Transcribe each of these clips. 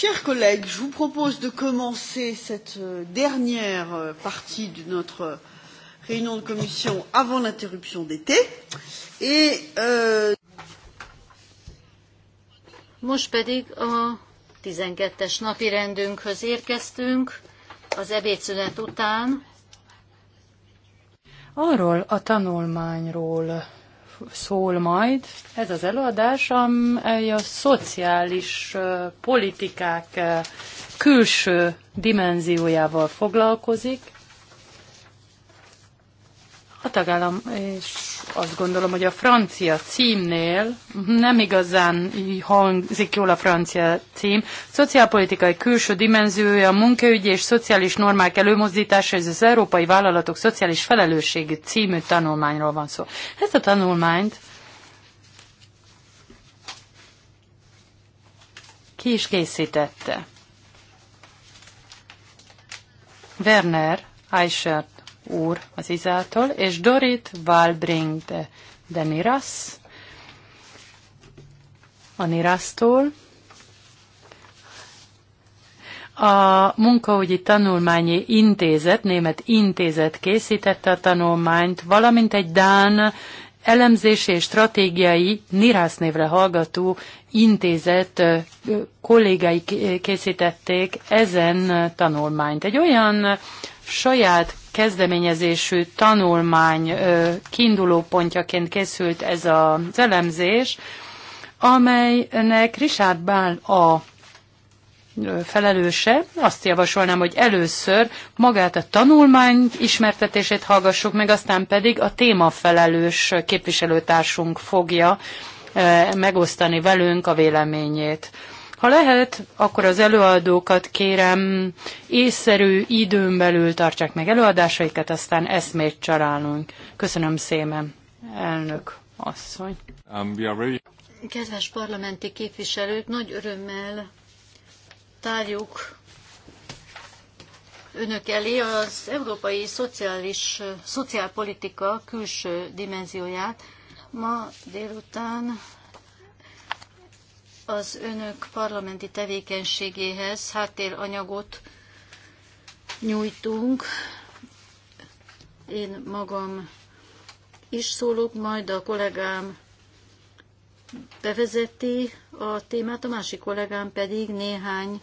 chers collègues je vous propose de commencer cette euh, dernière euh, partie de notre euh, réunion de commission avant l'interruption d'été et euh... most pedig a 12-es napi rendünkhöz érkeztünk az ebédszünet után. Arról a tanulmányról szól majd. Ez az előadás, amely a szociális politikák külső dimenziójával foglalkozik, a tagállam, és azt gondolom, hogy a francia címnél nem igazán hangzik jól a francia cím. Szociálpolitikai külső dimenziója, munkaügyi és szociális normák előmozdítása, ez az Európai Vállalatok Szociális Felelősségi című tanulmányról van szó. Ezt a tanulmányt ki is készítette? Werner Eichert úr az Izától, és Dorit Valbring de, de Niras, a Nirasztól, a munkaügyi tanulmányi intézet, német intézet készítette a tanulmányt, valamint egy Dán elemzési és stratégiai Nirász névre hallgató intézet kollégái készítették ezen tanulmányt. Egy olyan saját kezdeményezésű tanulmány kiindulópontjaként készült ez az elemzés, amelynek Richard Bál a felelőse, azt javasolnám, hogy először magát a tanulmány ismertetését hallgassuk meg, aztán pedig a témafelelős képviselőtársunk fogja megosztani velünk a véleményét. Ha lehet, akkor az előadókat kérem észszerű időn belül tartsák meg előadásaikat, aztán eszmét csalálunk. Köszönöm szépen, elnök asszony. Um, Kedves parlamenti képviselők, nagy örömmel tárjuk önök elé az európai szociális, szociálpolitika külső dimenzióját. Ma délután az önök parlamenti tevékenységéhez háttéranyagot nyújtunk. Én magam is szólok, majd a kollégám bevezeti a témát, a másik kollégám pedig néhány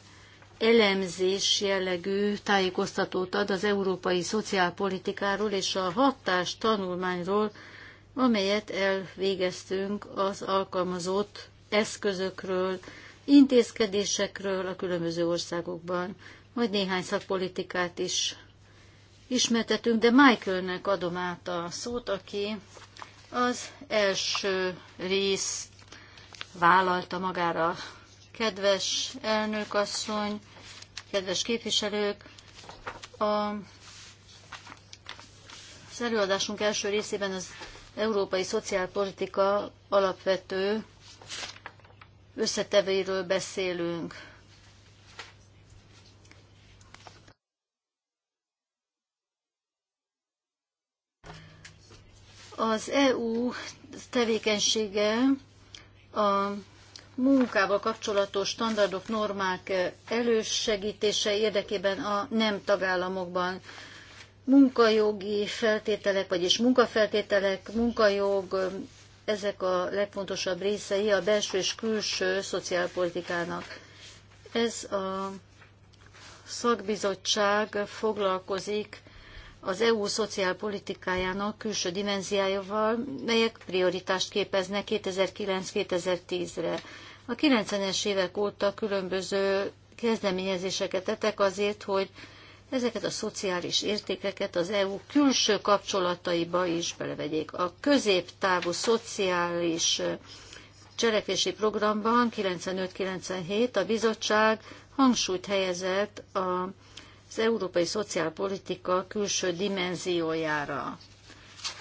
elemzés jellegű tájékoztatót ad az európai szociálpolitikáról és a hatás tanulmányról, amelyet elvégeztünk az alkalmazott eszközökről, intézkedésekről a különböző országokban, majd néhány szakpolitikát is ismertetünk, de Michaelnek adom át a szót, aki az első rész vállalta magára. Kedves asszony, kedves képviselők, a az előadásunk első részében az európai szociálpolitika alapvető összetevéről beszélünk. Az EU tevékenysége a munkával kapcsolatos standardok, normák elősegítése érdekében a nem tagállamokban munkajogi feltételek, vagyis munkafeltételek, munkajog, ezek a legfontosabb részei a belső és külső szociálpolitikának. Ez a szakbizottság foglalkozik az EU szociálpolitikájának külső dimenziájával, melyek prioritást képeznek 2009-2010-re. A 90-es évek óta különböző kezdeményezéseket tettek azért, hogy ezeket a szociális értékeket az EU külső kapcsolataiba is belevegyék. A középtávú szociális cselekvési programban 95-97 a bizottság hangsúlyt helyezett az európai szociálpolitika külső dimenziójára.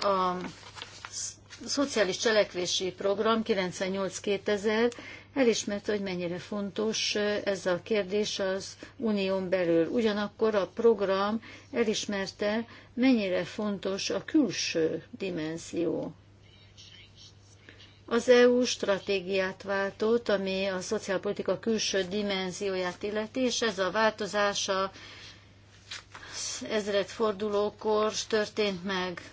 A szociális cselekvési program 98-2000 elismerte, hogy mennyire fontos ez a kérdés az unión belül. Ugyanakkor a program elismerte, mennyire fontos a külső dimenzió. Az EU stratégiát váltott, ami a szociálpolitika külső dimenzióját illeti, és ez a változás a ezredfordulókor történt meg.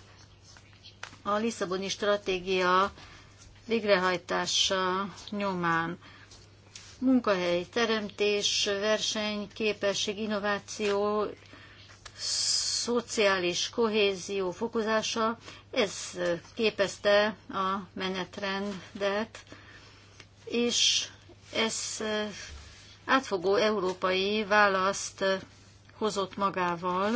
A Lisszaboni stratégia végrehajtása nyomán. Munkahely teremtés, verseny képesség innováció, szociális kohézió fokozása, ez képezte a menetrendet, és ez átfogó európai választ hozott magával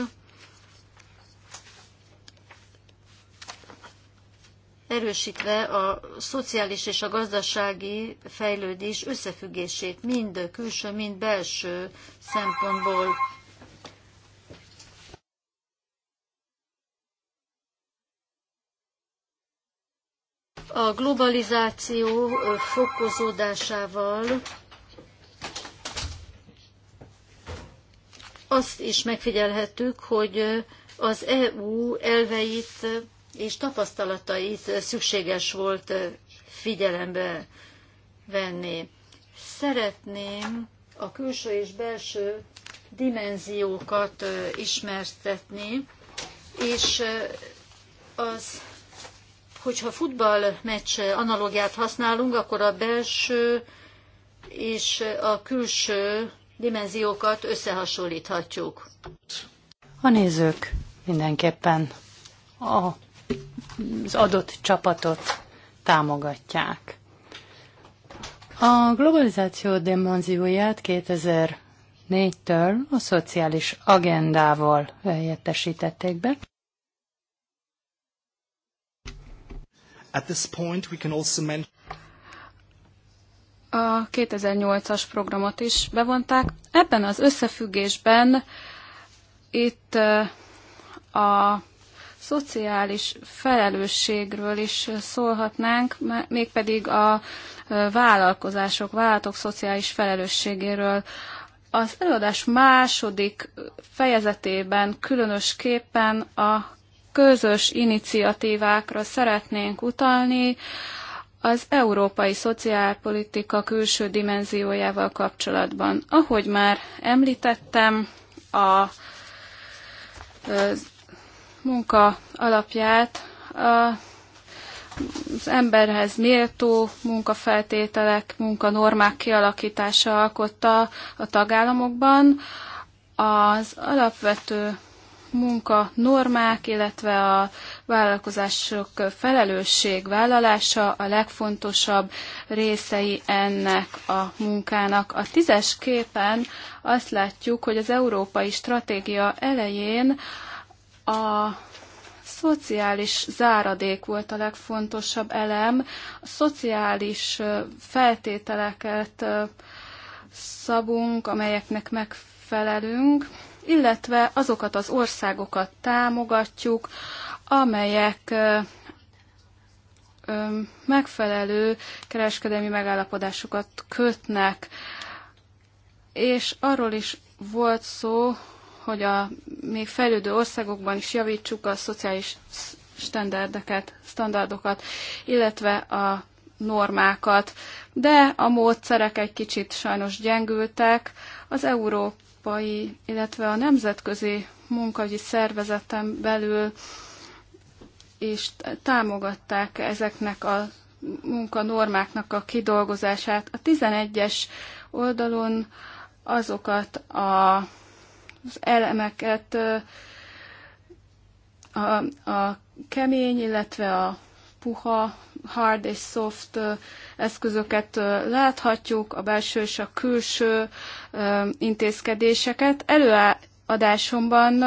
erősítve a szociális és a gazdasági fejlődés összefüggését mind külső, mind belső szempontból. A globalizáció fokozódásával azt is megfigyelhettük, hogy az EU elveit és tapasztalatait szükséges volt figyelembe venni. Szeretném a külső és belső dimenziókat ismertetni, és az, hogyha futballmeccs analógiát használunk, akkor a belső és a külső dimenziókat összehasonlíthatjuk. A nézők mindenképpen a az adott csapatot támogatják. A globalizáció demonzióját 2004-től a szociális agendával helyettesítették be. At this point we can also mention a 2008-as programot is bevonták. Ebben az összefüggésben itt eh, a szociális felelősségről is szólhatnánk, mégpedig a e, vállalkozások, vállalatok szociális felelősségéről. Az előadás második fejezetében különösképpen a közös iniciatívákra szeretnénk utalni, az európai szociálpolitika külső dimenziójával kapcsolatban. Ahogy már említettem, a, az e, munka alapját a, az emberhez méltó munkafeltételek, munkanormák kialakítása alkotta a tagállamokban. Az alapvető munka normák illetve a vállalkozások felelősségvállalása a legfontosabb részei ennek a munkának. A tízes képen azt látjuk, hogy az európai stratégia elején a szociális záradék volt a legfontosabb elem. A szociális feltételeket szabunk, amelyeknek megfelelünk, illetve azokat az országokat támogatjuk, amelyek megfelelő kereskedelmi megállapodásokat kötnek. És arról is volt szó, hogy a még fejlődő országokban is javítsuk a szociális standardeket, standardokat, illetve a normákat, de a módszerek egy kicsit sajnos gyengültek. Az európai, illetve a nemzetközi munkahogyi szervezeten belül és támogatták ezeknek a munkanormáknak a kidolgozását. A 11-es oldalon azokat a az elemeket, a, a kemény, illetve a puha, hard és soft eszközöket láthatjuk, a belső és a külső intézkedéseket. Előadásomban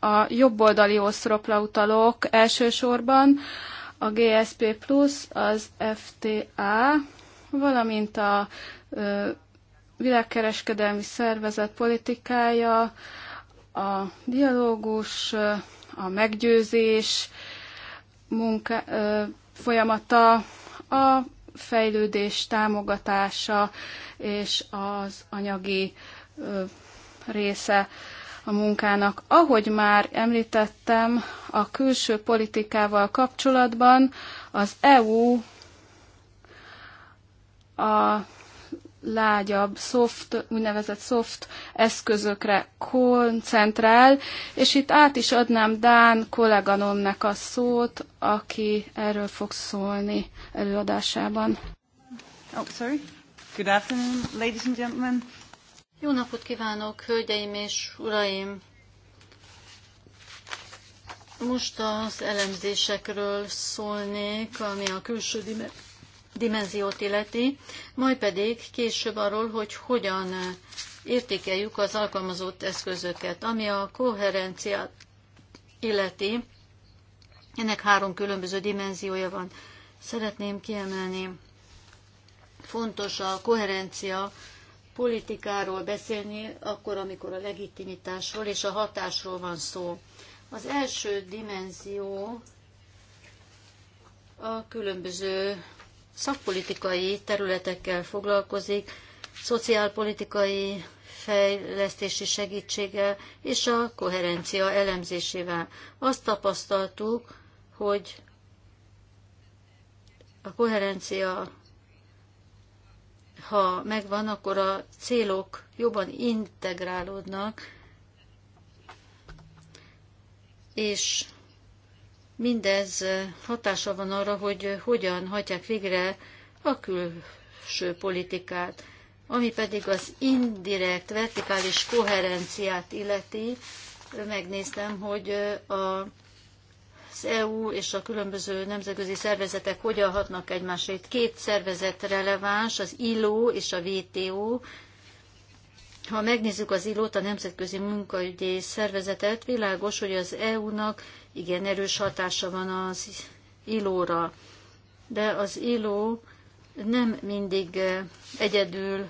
a jobboldali oszropra utalok elsősorban, a GSP Plus, az FTA, valamint a világkereskedelmi szervezet politikája, a dialógus, a meggyőzés munka, folyamata, a fejlődés támogatása és az anyagi része a munkának. Ahogy már említettem, a külső politikával kapcsolatban az EU a lágyabb, soft, úgynevezett soft eszközökre koncentrál, és itt át is adnám Dán kolléganomnak a szót, aki erről fog szólni előadásában. Oh, sorry. Good afternoon, ladies and gentlemen. Jó napot kívánok, hölgyeim és uraim! Most az elemzésekről szólnék, ami a külső dimenzió dimenziót illeti, majd pedig később arról, hogy hogyan értékeljük az alkalmazott eszközöket. Ami a koherenciát illeti, ennek három különböző dimenziója van. Szeretném kiemelni, fontos a koherencia politikáról beszélni, akkor, amikor a legitimitásról és a hatásról van szó. Az első dimenzió a különböző szakpolitikai területekkel foglalkozik, szociálpolitikai fejlesztési segítséggel és a koherencia elemzésével. Azt tapasztaltuk, hogy a koherencia, ha megvan, akkor a célok jobban integrálódnak, és Mindez hatása van arra, hogy hogyan hagyják végre a külső politikát. Ami pedig az indirekt, vertikális koherenciát illeti, megnéztem, hogy a az EU és a különböző nemzetközi szervezetek hogyan hatnak Itt Két szervezet releváns, az ILO és a WTO. Ha megnézzük az ILO-t, a Nemzetközi Munkaügyi Szervezetet, világos, hogy az EU-nak igen erős hatása van az ilóra, de az iló nem mindig eh, egyedül,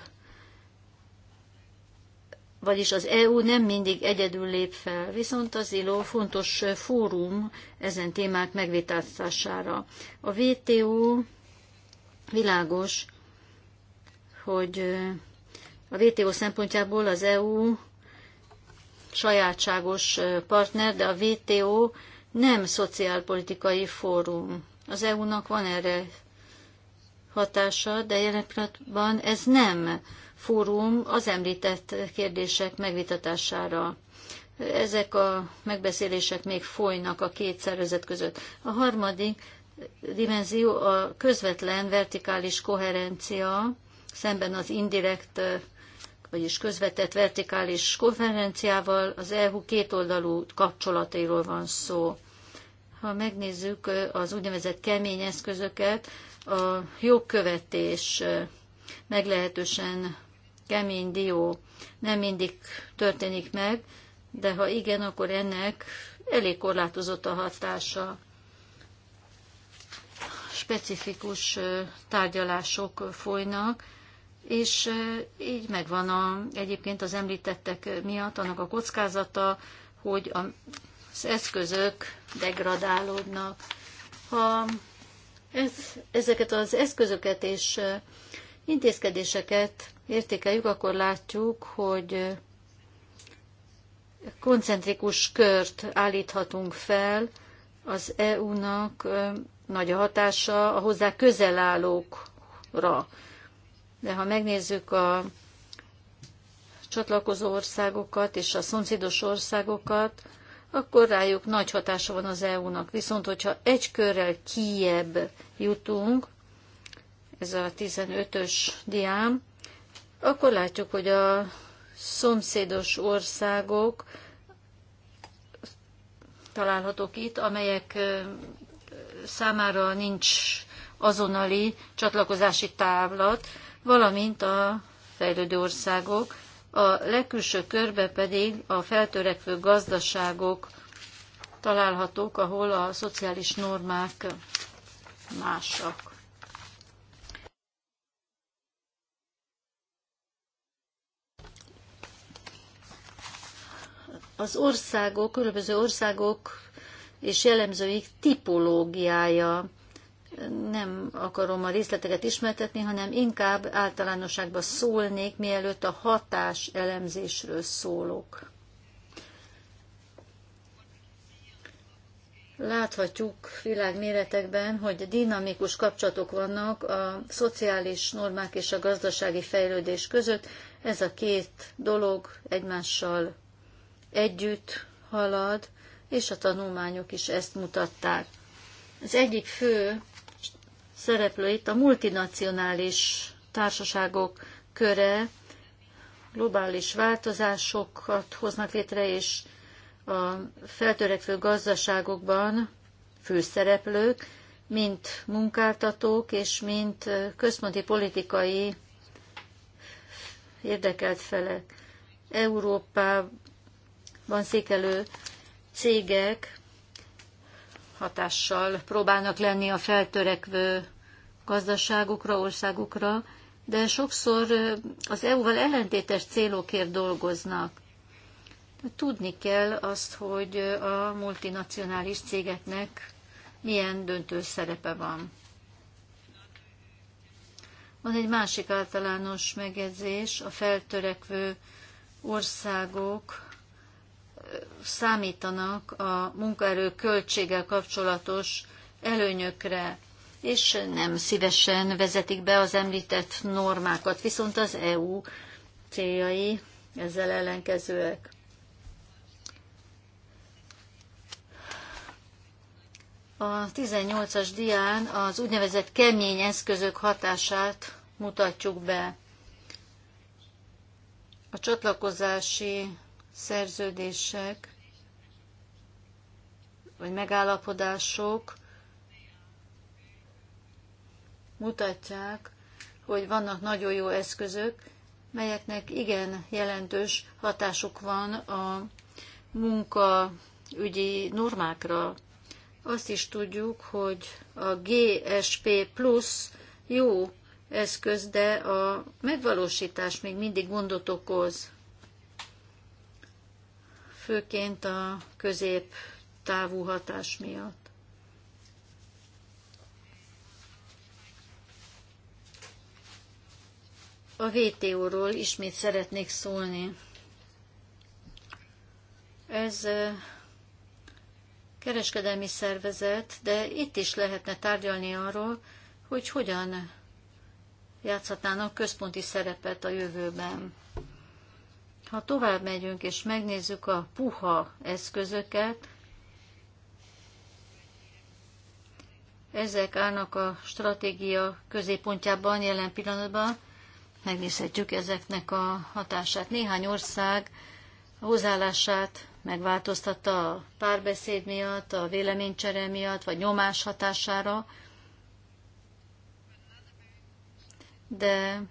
vagyis az EU nem mindig egyedül lép fel, viszont az ILO fontos eh, fórum ezen témák megvitázására. A WTO világos, hogy eh, a WTO szempontjából az EU sajátságos partner, de a WTO nem szociálpolitikai fórum. Az EU-nak van erre hatása, de jelen pillanatban ez nem fórum az említett kérdések megvitatására. Ezek a megbeszélések még folynak a két szervezet között. A harmadik dimenzió a közvetlen vertikális koherencia, szemben az indirekt, vagyis közvetett vertikális konferenciával az EU kétoldalú kapcsolatairól van szó. Ha megnézzük az úgynevezett kemény eszközöket, a jogkövetés meglehetősen kemény dió nem mindig történik meg, de ha igen, akkor ennek elég korlátozott a hatása. Specifikus tárgyalások folynak, és így megvan a, egyébként az említettek miatt annak a kockázata, hogy a az eszközök degradálódnak. Ha ez, ezeket az eszközöket és intézkedéseket értékeljük, akkor látjuk, hogy koncentrikus kört állíthatunk fel, az EU-nak nagy a hatása a hozzá közel állókra. De ha megnézzük a csatlakozó országokat és a szomszédos országokat, akkor rájuk nagy hatása van az EU-nak. Viszont, hogyha egy körrel kiebb jutunk, ez a 15-ös diám, akkor látjuk, hogy a szomszédos országok találhatók itt, amelyek számára nincs azonnali csatlakozási távlat, valamint a fejlődő országok, a legkülső körbe pedig a feltörekvő gazdaságok találhatók, ahol a szociális normák másak. Az országok, különböző országok és jellemzőik tipológiája nem akarom a részleteket ismertetni, hanem inkább általánosságban szólnék, mielőtt a hatás elemzésről szólok. Láthatjuk világméretekben, hogy dinamikus kapcsolatok vannak a szociális normák és a gazdasági fejlődés között. Ez a két dolog egymással együtt halad, és a tanulmányok is ezt mutatták. Az egyik fő szereplőit, a multinacionális társaságok köre globális változásokat hoznak létre, és a feltörekvő gazdaságokban főszereplők, mint munkáltatók és mint központi politikai érdekelt felek. Európában székelő cégek hatással próbálnak lenni a feltörekvő gazdaságukra, országukra, de sokszor az EU-val ellentétes célokért dolgoznak. Tudni kell azt, hogy a multinacionális cégeknek milyen döntő szerepe van. Van egy másik általános megjegyzés, a feltörekvő országok számítanak a munkaerő költséggel kapcsolatos előnyökre és nem szívesen vezetik be az említett normákat, viszont az EU céljai ezzel ellenkezőek. A 18-as dián az úgynevezett kemény eszközök hatását mutatjuk be. A csatlakozási szerződések vagy megállapodások mutatják, hogy vannak nagyon jó eszközök, melyeknek igen jelentős hatásuk van a munkaügyi normákra. Azt is tudjuk, hogy a GSP plus jó eszköz, de a megvalósítás még mindig gondot okoz. Főként a távú hatás miatt. A VTO-ról ismét szeretnék szólni. Ez kereskedelmi szervezet, de itt is lehetne tárgyalni arról, hogy hogyan játszhatnának központi szerepet a jövőben. Ha tovább megyünk és megnézzük a puha eszközöket, ezek állnak a stratégia középpontjában jelen pillanatban, megnézhetjük ezeknek a hatását. Néhány ország hozzáállását megváltoztatta a párbeszéd miatt, a véleménycsere miatt, vagy nyomás hatására, de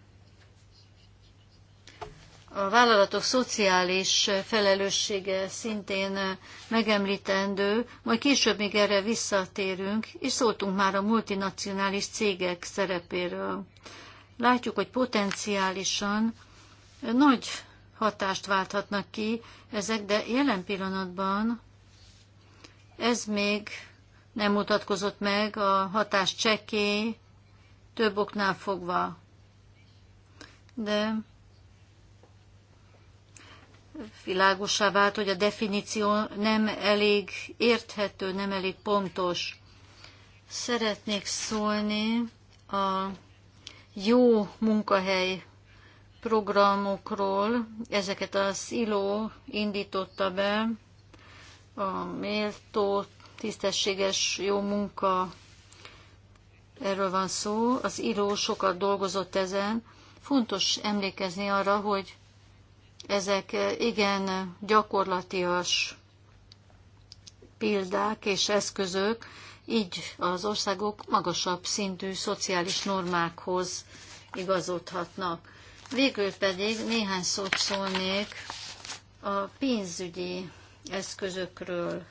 a vállalatok szociális felelőssége szintén megemlítendő, majd később még erre visszatérünk, és szóltunk már a multinacionális cégek szerepéről látjuk, hogy potenciálisan nagy hatást válthatnak ki ezek, de jelen pillanatban ez még nem mutatkozott meg, a hatás cseké több oknál fogva. De világosá vált, hogy a definíció nem elég érthető, nem elég pontos. Szeretnék szólni a jó munkahely programokról. Ezeket a ILO indította be, a méltó, tisztességes, jó munka, erről van szó. Az ILO sokat dolgozott ezen. Fontos emlékezni arra, hogy ezek igen gyakorlatias példák és eszközök, így az országok magasabb szintű szociális normákhoz igazodhatnak. Végül pedig néhány szót szólnék a pénzügyi eszközökről.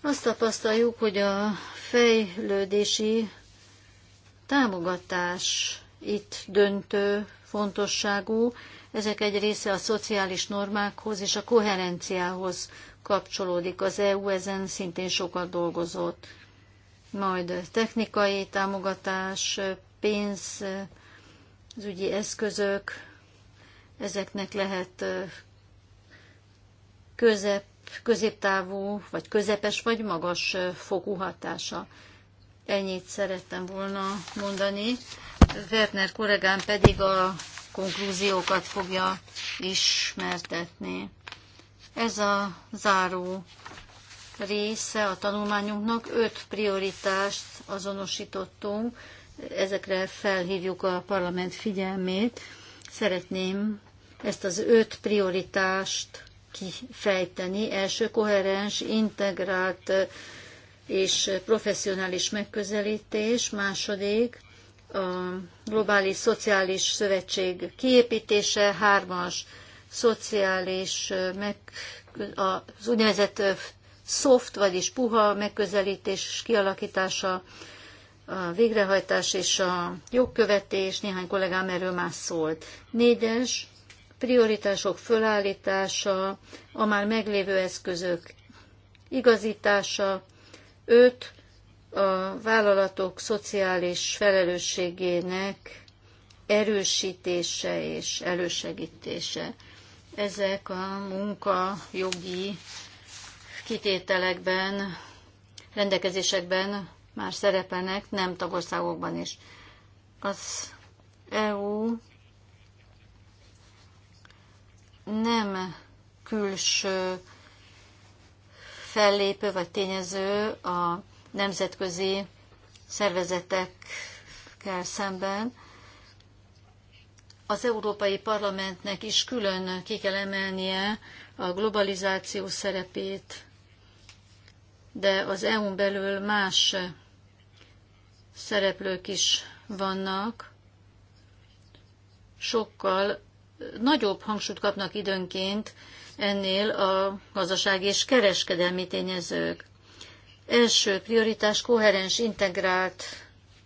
Azt tapasztaljuk, hogy a fejlődési támogatás itt döntő fontosságú. Ezek egy része a szociális normákhoz és a koherenciához kapcsolódik. Az EU ezen szintén sokat dolgozott. Majd technikai támogatás, pénz, az ügyi eszközök, ezeknek lehet közep, középtávú, vagy közepes, vagy magas fokú hatása. Ennyit szerettem volna mondani. Werner kollégám pedig a konklúziókat fogja ismertetni. Ez a záró része a tanulmányunknak. Öt prioritást azonosítottunk, ezekre felhívjuk a parlament figyelmét. Szeretném ezt az öt prioritást kifejteni. Első koherens, integrált és professzionális megközelítés. Második, a globális szociális szövetség kiépítése. Hármas, szociális, meg, az úgynevezett soft, vagyis puha megközelítés kialakítása, a végrehajtás és a jogkövetés, néhány kollégám erről már szólt. Négyes, prioritások fölállítása, a már meglévő eszközök igazítása, öt, a vállalatok szociális felelősségének erősítése és elősegítése ezek a munkajogi kitételekben, rendelkezésekben már szerepelnek, nem tagországokban is. Az EU nem külső fellépő vagy tényező a nemzetközi szervezetekkel szemben, az Európai Parlamentnek is külön ki kell emelnie a globalizáció szerepét, de az EU-n belül más szereplők is vannak, sokkal nagyobb hangsúlyt kapnak időnként ennél a gazdasági és kereskedelmi tényezők. Első prioritás koherens, integrált,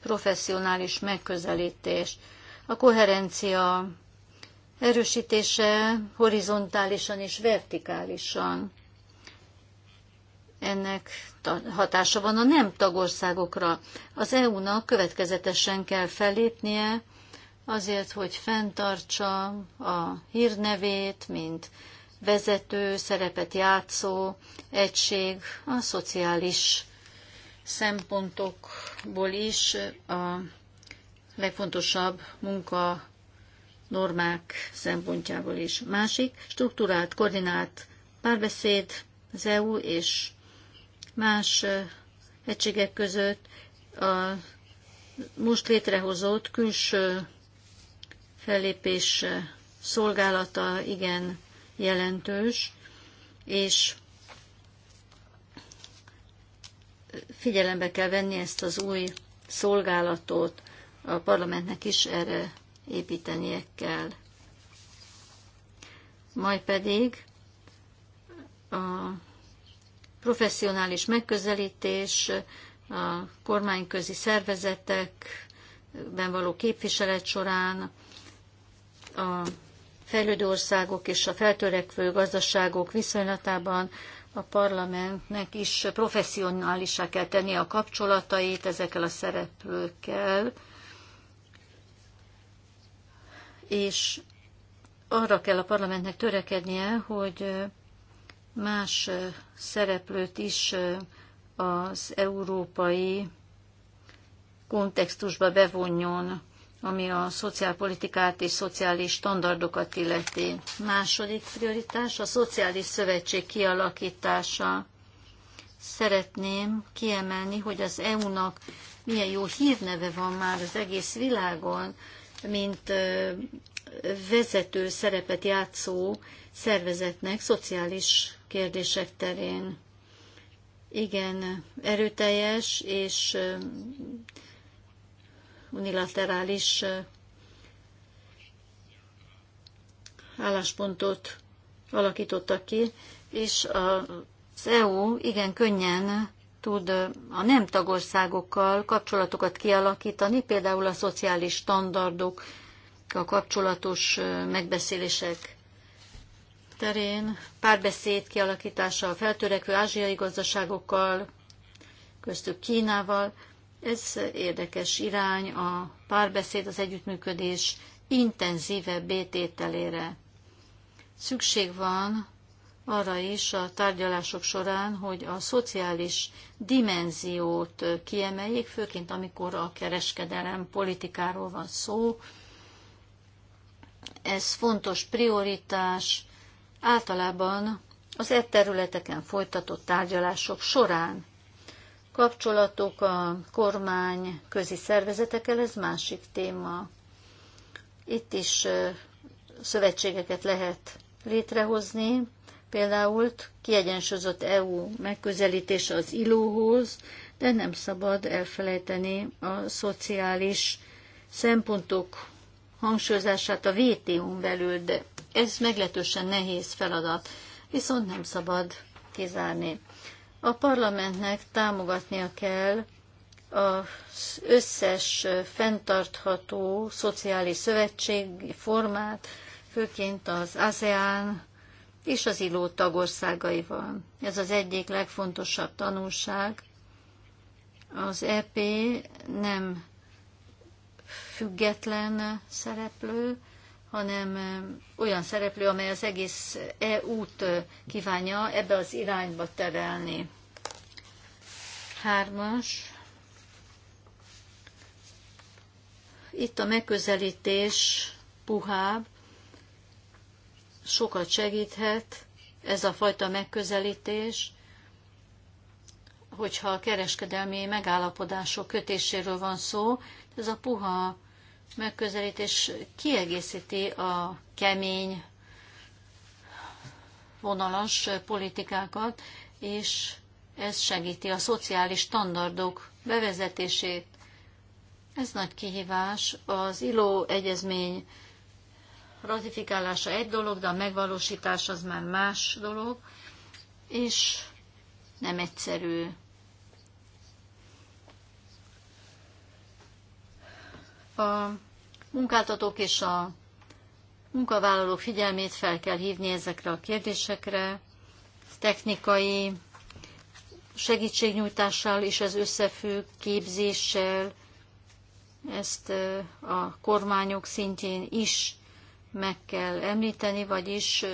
professzionális megközelítés. A koherencia erősítése horizontálisan és vertikálisan. Ennek hatása van a nem tagországokra. Az EU-nak következetesen kell fellépnie azért, hogy fenntartsa a hírnevét, mint vezető, szerepet játszó egység a szociális szempontokból is a legfontosabb munka normák szempontjából is. Másik, struktúrált, koordinált párbeszéd az EU és más egységek között a most létrehozott külső fellépés szolgálata igen jelentős, és figyelembe kell venni ezt az új szolgálatot a parlamentnek is erre építenie kell. Majd pedig a professzionális megközelítés, a kormányközi szervezetekben való képviselet során a fejlődő országok és a feltörekvő gazdaságok viszonylatában a parlamentnek is professzionálisá kell tenni a kapcsolatait ezekkel a szereplőkkel, és arra kell a parlamentnek törekednie, hogy más szereplőt is az európai kontextusba bevonjon, ami a szociálpolitikát és szociális standardokat illeti. Második prioritás a szociális szövetség kialakítása. Szeretném kiemelni, hogy az EU-nak milyen jó hírneve van már az egész világon, mint vezető szerepet játszó szervezetnek szociális kérdések terén. Igen, erőteljes és unilaterális álláspontot alakítottak ki, és az EU igen könnyen tud a nem tagországokkal kapcsolatokat kialakítani, például a szociális standardok, a kapcsolatos megbeszélések terén, párbeszéd kialakítása a feltörekvő ázsiai gazdaságokkal, köztük Kínával. Ez érdekes irány a párbeszéd, az együttműködés intenzívebb bétételére. Szükség van arra is a tárgyalások során, hogy a szociális dimenziót kiemeljék, főként amikor a kereskedelem politikáról van szó. Ez fontos prioritás általában az e területeken folytatott tárgyalások során. Kapcsolatok a kormány közi szervezetekkel, ez másik téma. Itt is szövetségeket lehet létrehozni, Például kiegyensúlyozott EU megközelítés az ilóhoz, de nem szabad elfelejteni a szociális szempontok hangsúlyozását a vtu n belül, de ez meglehetősen nehéz feladat, viszont nem szabad kizárni. A parlamentnek támogatnia kell az összes fenntartható szociális szövetség formát, főként az ASEAN és az illó tagországaival. Ez az egyik legfontosabb tanulság. Az EP nem független szereplő, hanem olyan szereplő, amely az egész EU-t kívánja ebbe az irányba terelni. Hármas. Itt a megközelítés puhább, sokat segíthet ez a fajta megközelítés, hogyha a kereskedelmi megállapodások kötéséről van szó, ez a puha megközelítés kiegészíti a kemény vonalas politikákat, és ez segíti a szociális standardok bevezetését. Ez nagy kihívás. Az ILO egyezmény ratifikálása egy dolog, de a megvalósítás az már más dolog, és nem egyszerű. A munkáltatók és a munkavállalók figyelmét fel kell hívni ezekre a kérdésekre, technikai segítségnyújtással is ez összefügg, képzéssel, ezt a kormányok szintjén is meg kell említeni, vagyis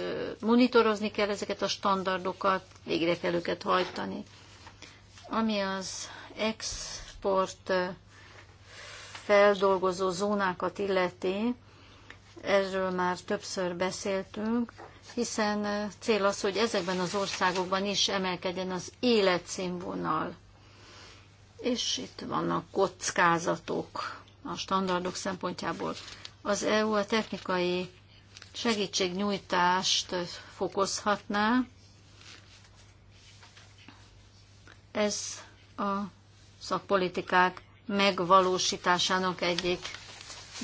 monitorozni kell ezeket a standardokat, végre kell őket hajtani. Ami az export feldolgozó zónákat illeti, erről már többször beszéltünk, hiszen cél az, hogy ezekben az országokban is emelkedjen az életszínvonal. És itt vannak kockázatok a standardok szempontjából az EU a technikai segítségnyújtást fokozhatná. Ez a szakpolitikák megvalósításának egyik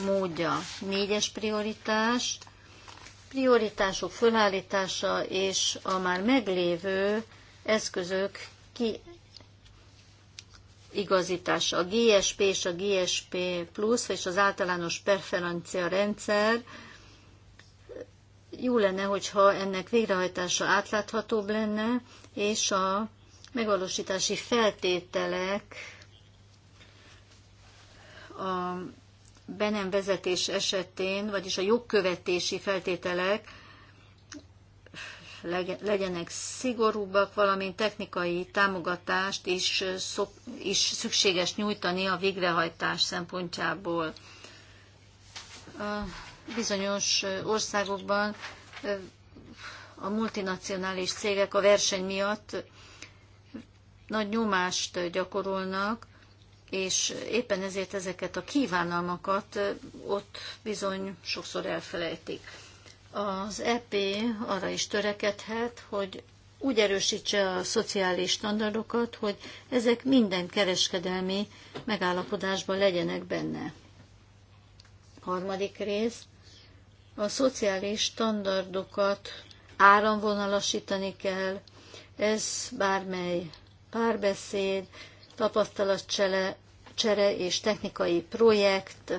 módja. Négyes prioritás, prioritások fölállítása és a már meglévő eszközök ki igazítása. A GSP és a GSP plusz, és az általános preferencia rendszer jó lenne, hogyha ennek végrehajtása átláthatóbb lenne, és a megvalósítási feltételek a be nem vezetés esetén, vagyis a jogkövetési feltételek legyenek szigorúbbak, valamint technikai támogatást is, szok, is szükséges nyújtani a végrehajtás szempontjából. A bizonyos országokban a multinacionális cégek a verseny miatt nagy nyomást gyakorolnak, és éppen ezért ezeket a kívánalmakat ott bizony sokszor elfelejtik. Az EP arra is törekedhet, hogy úgy erősítse a szociális standardokat, hogy ezek minden kereskedelmi megállapodásban legyenek benne. Harmadik rész. A szociális standardokat áramvonalasítani kell, ez bármely párbeszéd, tapasztalatcsere és technikai projekt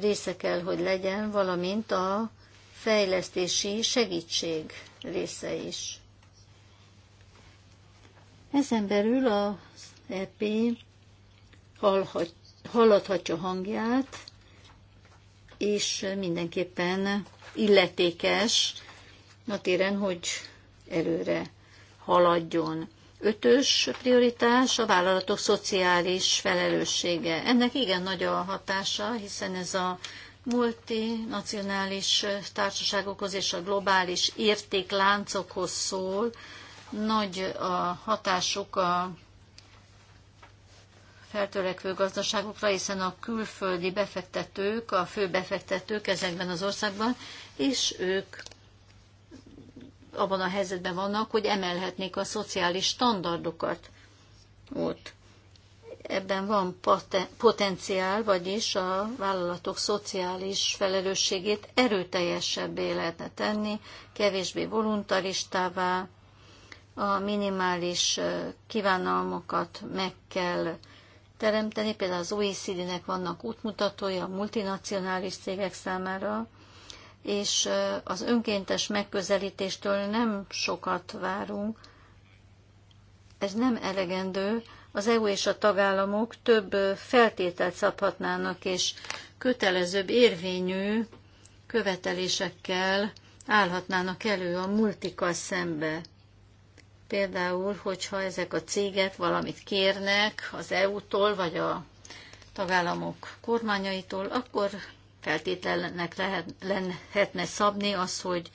része kell, hogy legyen, valamint a fejlesztési segítség része is. Ezen belül az EP hallathatja hangját, és mindenképpen illetékes a téren, hogy előre haladjon. Ötös prioritás a vállalatok szociális felelőssége. Ennek igen nagy a hatása, hiszen ez a multinacionális társaságokhoz és a globális értékláncokhoz szól. Nagy a hatásuk a feltörekvő gazdaságokra, hiszen a külföldi befektetők, a fő befektetők ezekben az országban, és ők abban a helyzetben vannak, hogy emelhetnék a szociális standardokat ott. Ebben van potenciál, vagyis a vállalatok szociális felelősségét erőteljesebbé lehetne tenni, kevésbé voluntaristává, a minimális kívánalmakat meg kell teremteni. Például az OECD-nek vannak útmutatója a multinacionális cégek számára, és az önkéntes megközelítéstől nem sokat várunk. Ez nem elegendő. Az EU és a tagállamok több feltételt szabhatnának, és kötelezőbb érvényű követelésekkel állhatnának elő a multikkal szembe. Például, hogyha ezek a cégek valamit kérnek az EU-tól, vagy a tagállamok kormányaitól, akkor feltételnek lehet, lehetne szabni az, hogy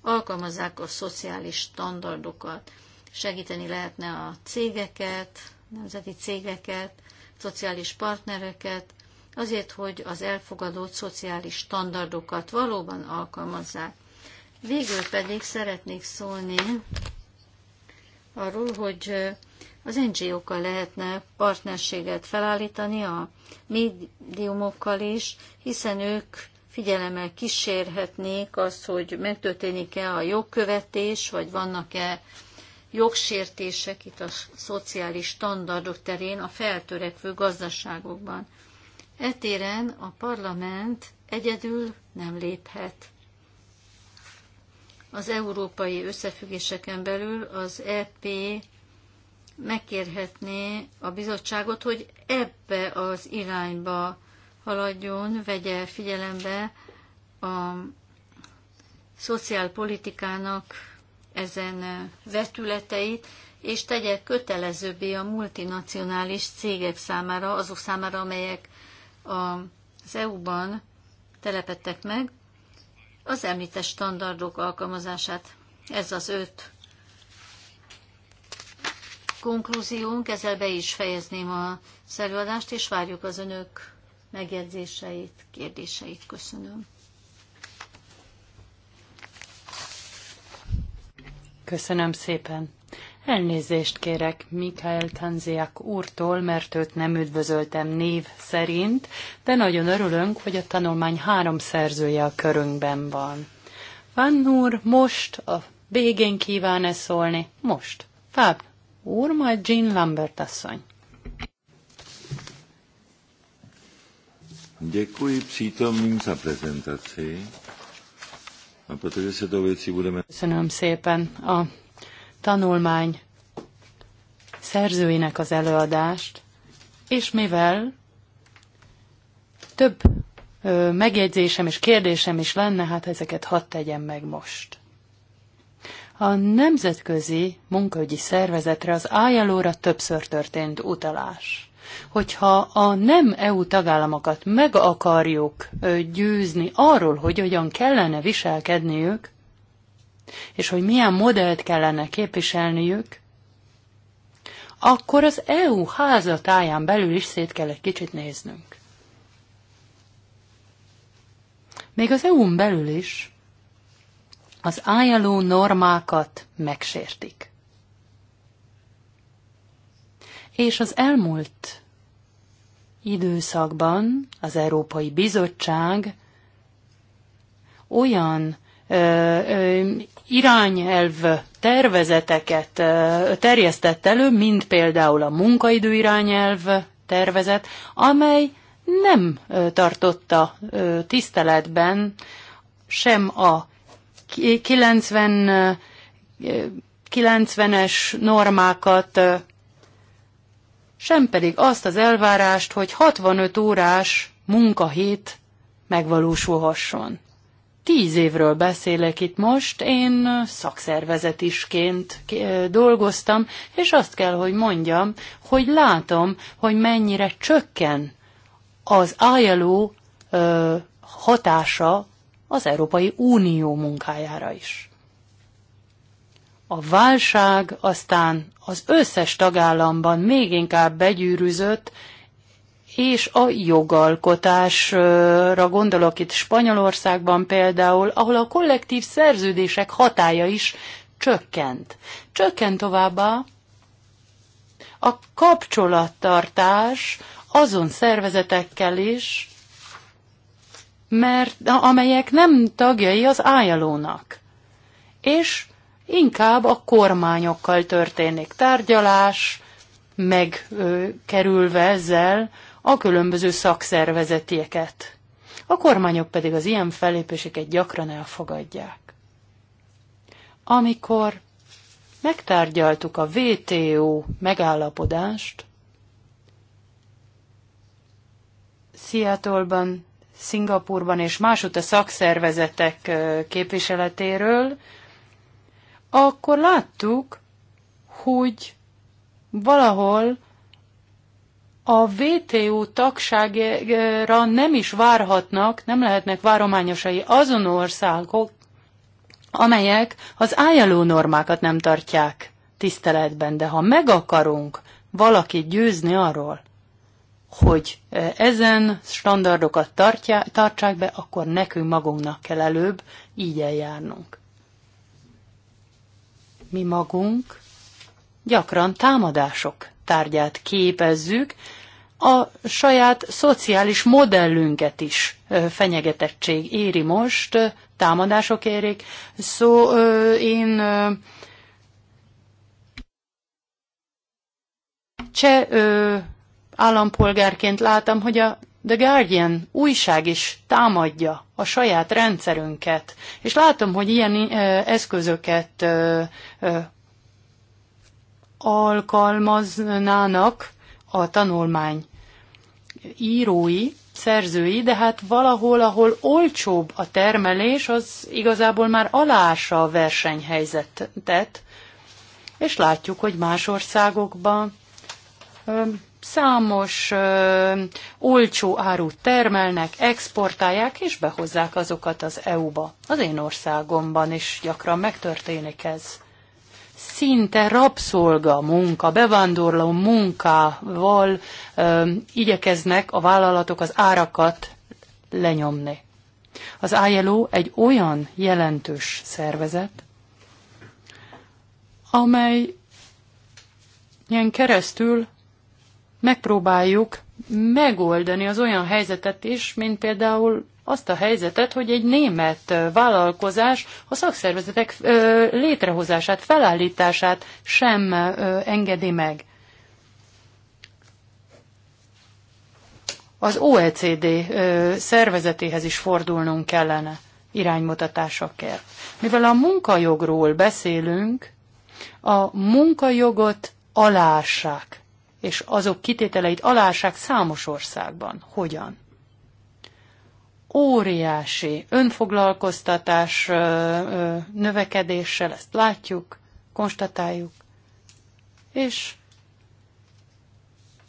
alkalmazzák a szociális standardokat. Segíteni lehetne a cégeket, nemzeti cégeket, szociális partnereket, azért, hogy az elfogadott szociális standardokat valóban alkalmazzák. Végül pedig szeretnék szólni arról, hogy az NGO-kkal lehetne partnerséget felállítani, a médiumokkal is, hiszen ők figyelemmel kísérhetnék azt, hogy megtörténik-e a jogkövetés, vagy vannak-e jogsértések itt a szociális standardok terén a feltörekvő gazdaságokban. Etéren a parlament egyedül nem léphet. Az európai összefüggéseken belül az EP megkérhetné a bizottságot, hogy ebbe az irányba haladjon, vegye figyelembe a szociálpolitikának ezen vetületeit, és tegye kötelezőbbé a multinacionális cégek számára, azok számára, amelyek az EU-ban telepettek meg, az említett standardok alkalmazását. Ez az öt konklúziónk, ezzel be is fejezném a előadást, és várjuk az önök megjegyzéseit, kérdéseit. Köszönöm. Köszönöm szépen. Elnézést kérek Mikael Tanziak úrtól, mert őt nem üdvözöltem név szerint, de nagyon örülünk, hogy a tanulmány három szerzője a körünkben van. Van úr, most a végén kíván-e szólni? Most. Fáb, úr, majd Jean Lambert asszony. Děkuji přítomným za prezentaci. A protože se do věcí budeme... Köszönöm szépen a tanulmány szerzőinek az előadást, és mivel több megjegyzésem és kérdésem is lenne, hát ezeket hadd tegyem meg most. A nemzetközi munkaügyi szervezetre, az ilo többször történt utalás. Hogyha a nem EU tagállamokat meg akarjuk győzni arról, hogy hogyan kellene viselkedniük, és hogy milyen modellt kellene képviselniük, akkor az EU házatáján belül is szét kell egy kicsit néznünk. Még az EU-n belül is az ájaló normákat megsértik. És az elmúlt időszakban az Európai Bizottság olyan ö, ö, irányelv tervezeteket ö, terjesztett elő, mint például a munkaidő irányelv tervezet, amely nem ö, tartotta ö, tiszteletben sem a 90, 90-es normákat, sem pedig azt az elvárást, hogy 65 órás munkahét megvalósulhasson. Tíz évről beszélek itt most, én szakszervezetisként dolgoztam, és azt kell, hogy mondjam, hogy látom, hogy mennyire csökken az ájeló hatása az Európai Unió munkájára is. A válság aztán az összes tagállamban még inkább begyűrűzött, és a jogalkotásra gondolok itt Spanyolországban például, ahol a kollektív szerződések hatája is csökkent. Csökkent továbbá a kapcsolattartás azon szervezetekkel is, mert amelyek nem tagjai az ájalónak. És inkább a kormányokkal történik tárgyalás, megkerülve ezzel a különböző szakszervezetieket. A kormányok pedig az ilyen fellépéseket gyakran elfogadják. Amikor megtárgyaltuk a VTO megállapodást, Seattle-ban Szingapurban és másutt a szakszervezetek képviseletéről, akkor láttuk, hogy valahol a VTO tagságra nem is várhatnak, nem lehetnek várományosai azon országok, amelyek az ILO normákat nem tartják tiszteletben, de ha meg akarunk valakit győzni arról, hogy e, ezen standardokat tartja tartsák be, akkor nekünk magunknak kell előbb így eljárnunk. Mi magunk gyakran támadások tárgyát képezzük, a saját szociális modellünket is e, fenyegetettség éri most, e, támadások érik. Szó, én cseh állampolgárként látom, hogy a The Guardian újság is támadja a saját rendszerünket, és látom, hogy ilyen eszközöket alkalmaznának a tanulmány írói, szerzői, de hát valahol, ahol olcsóbb a termelés, az igazából már alása a versenyhelyzetet, és látjuk, hogy más országokban számos ö, olcsó árut termelnek, exportálják és behozzák azokat az EU-ba. Az én országomban is gyakran megtörténik ez. Szinte rabszolga munka, bevándorló munkával ö, igyekeznek a vállalatok az árakat lenyomni. Az ILO egy olyan jelentős szervezet, amely ilyen keresztül megpróbáljuk megoldani az olyan helyzetet is, mint például azt a helyzetet, hogy egy német vállalkozás a szakszervezetek létrehozását, felállítását sem engedi meg. Az OECD szervezetéhez is fordulnunk kellene iránymutatásokért. Mivel a munkajogról beszélünk, a munkajogot alássák és azok kitételeit alássák számos országban. Hogyan? Óriási önfoglalkoztatás növekedéssel, ezt látjuk, konstatáljuk, és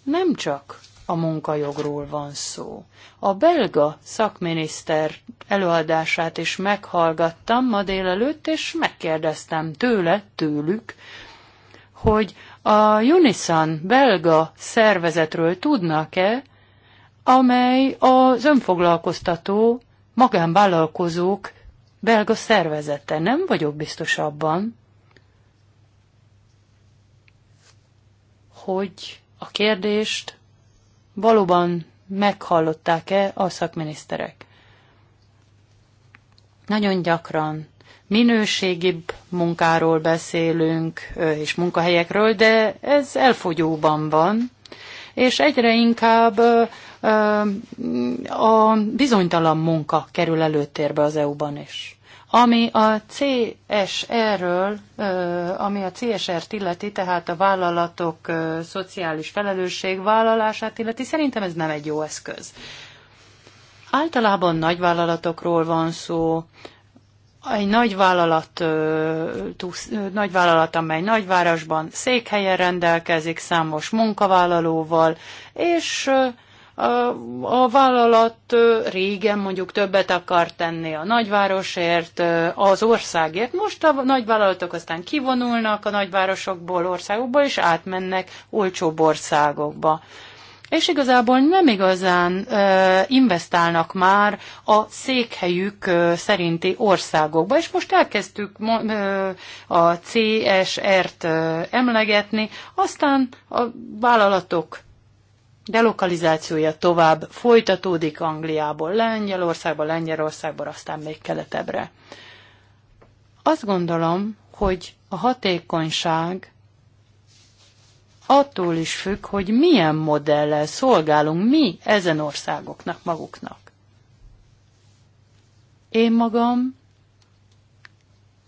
nem csak a munkajogról van szó. A belga szakminiszter előadását is meghallgattam ma délelőtt, és megkérdeztem tőle, tőlük, hogy a Unison belga szervezetről tudnak-e, amely az önfoglalkoztató magánvállalkozók belga szervezete. Nem vagyok biztos abban, hogy a kérdést valóban meghallották-e a szakminiszterek. Nagyon gyakran minőségibb munkáról beszélünk, és munkahelyekről, de ez elfogyóban van, és egyre inkább a bizonytalan munka kerül előtérbe az EU-ban is. Ami a CSR-ről, ami a CSR-t illeti, tehát a vállalatok szociális felelősségvállalását illeti, szerintem ez nem egy jó eszköz. Általában nagyvállalatokról van szó, egy nagy vállalat amely nagyvárosban székhelyen rendelkezik, számos munkavállalóval, és a vállalat régen mondjuk többet akar tenni a nagyvárosért, az országért. Most a nagyvállalatok aztán kivonulnak a nagyvárosokból, országokból, és átmennek olcsóbb országokba és igazából nem igazán ö, investálnak már a székhelyük ö, szerinti országokba. És most elkezdtük ö, a CSR-t ö, emlegetni, aztán a vállalatok delokalizációja tovább folytatódik Angliából, Lengyelországba, Lengyelországba, aztán még keletebbre. Azt gondolom, hogy a hatékonyság attól is függ, hogy milyen modellel szolgálunk mi ezen országoknak maguknak. Én magam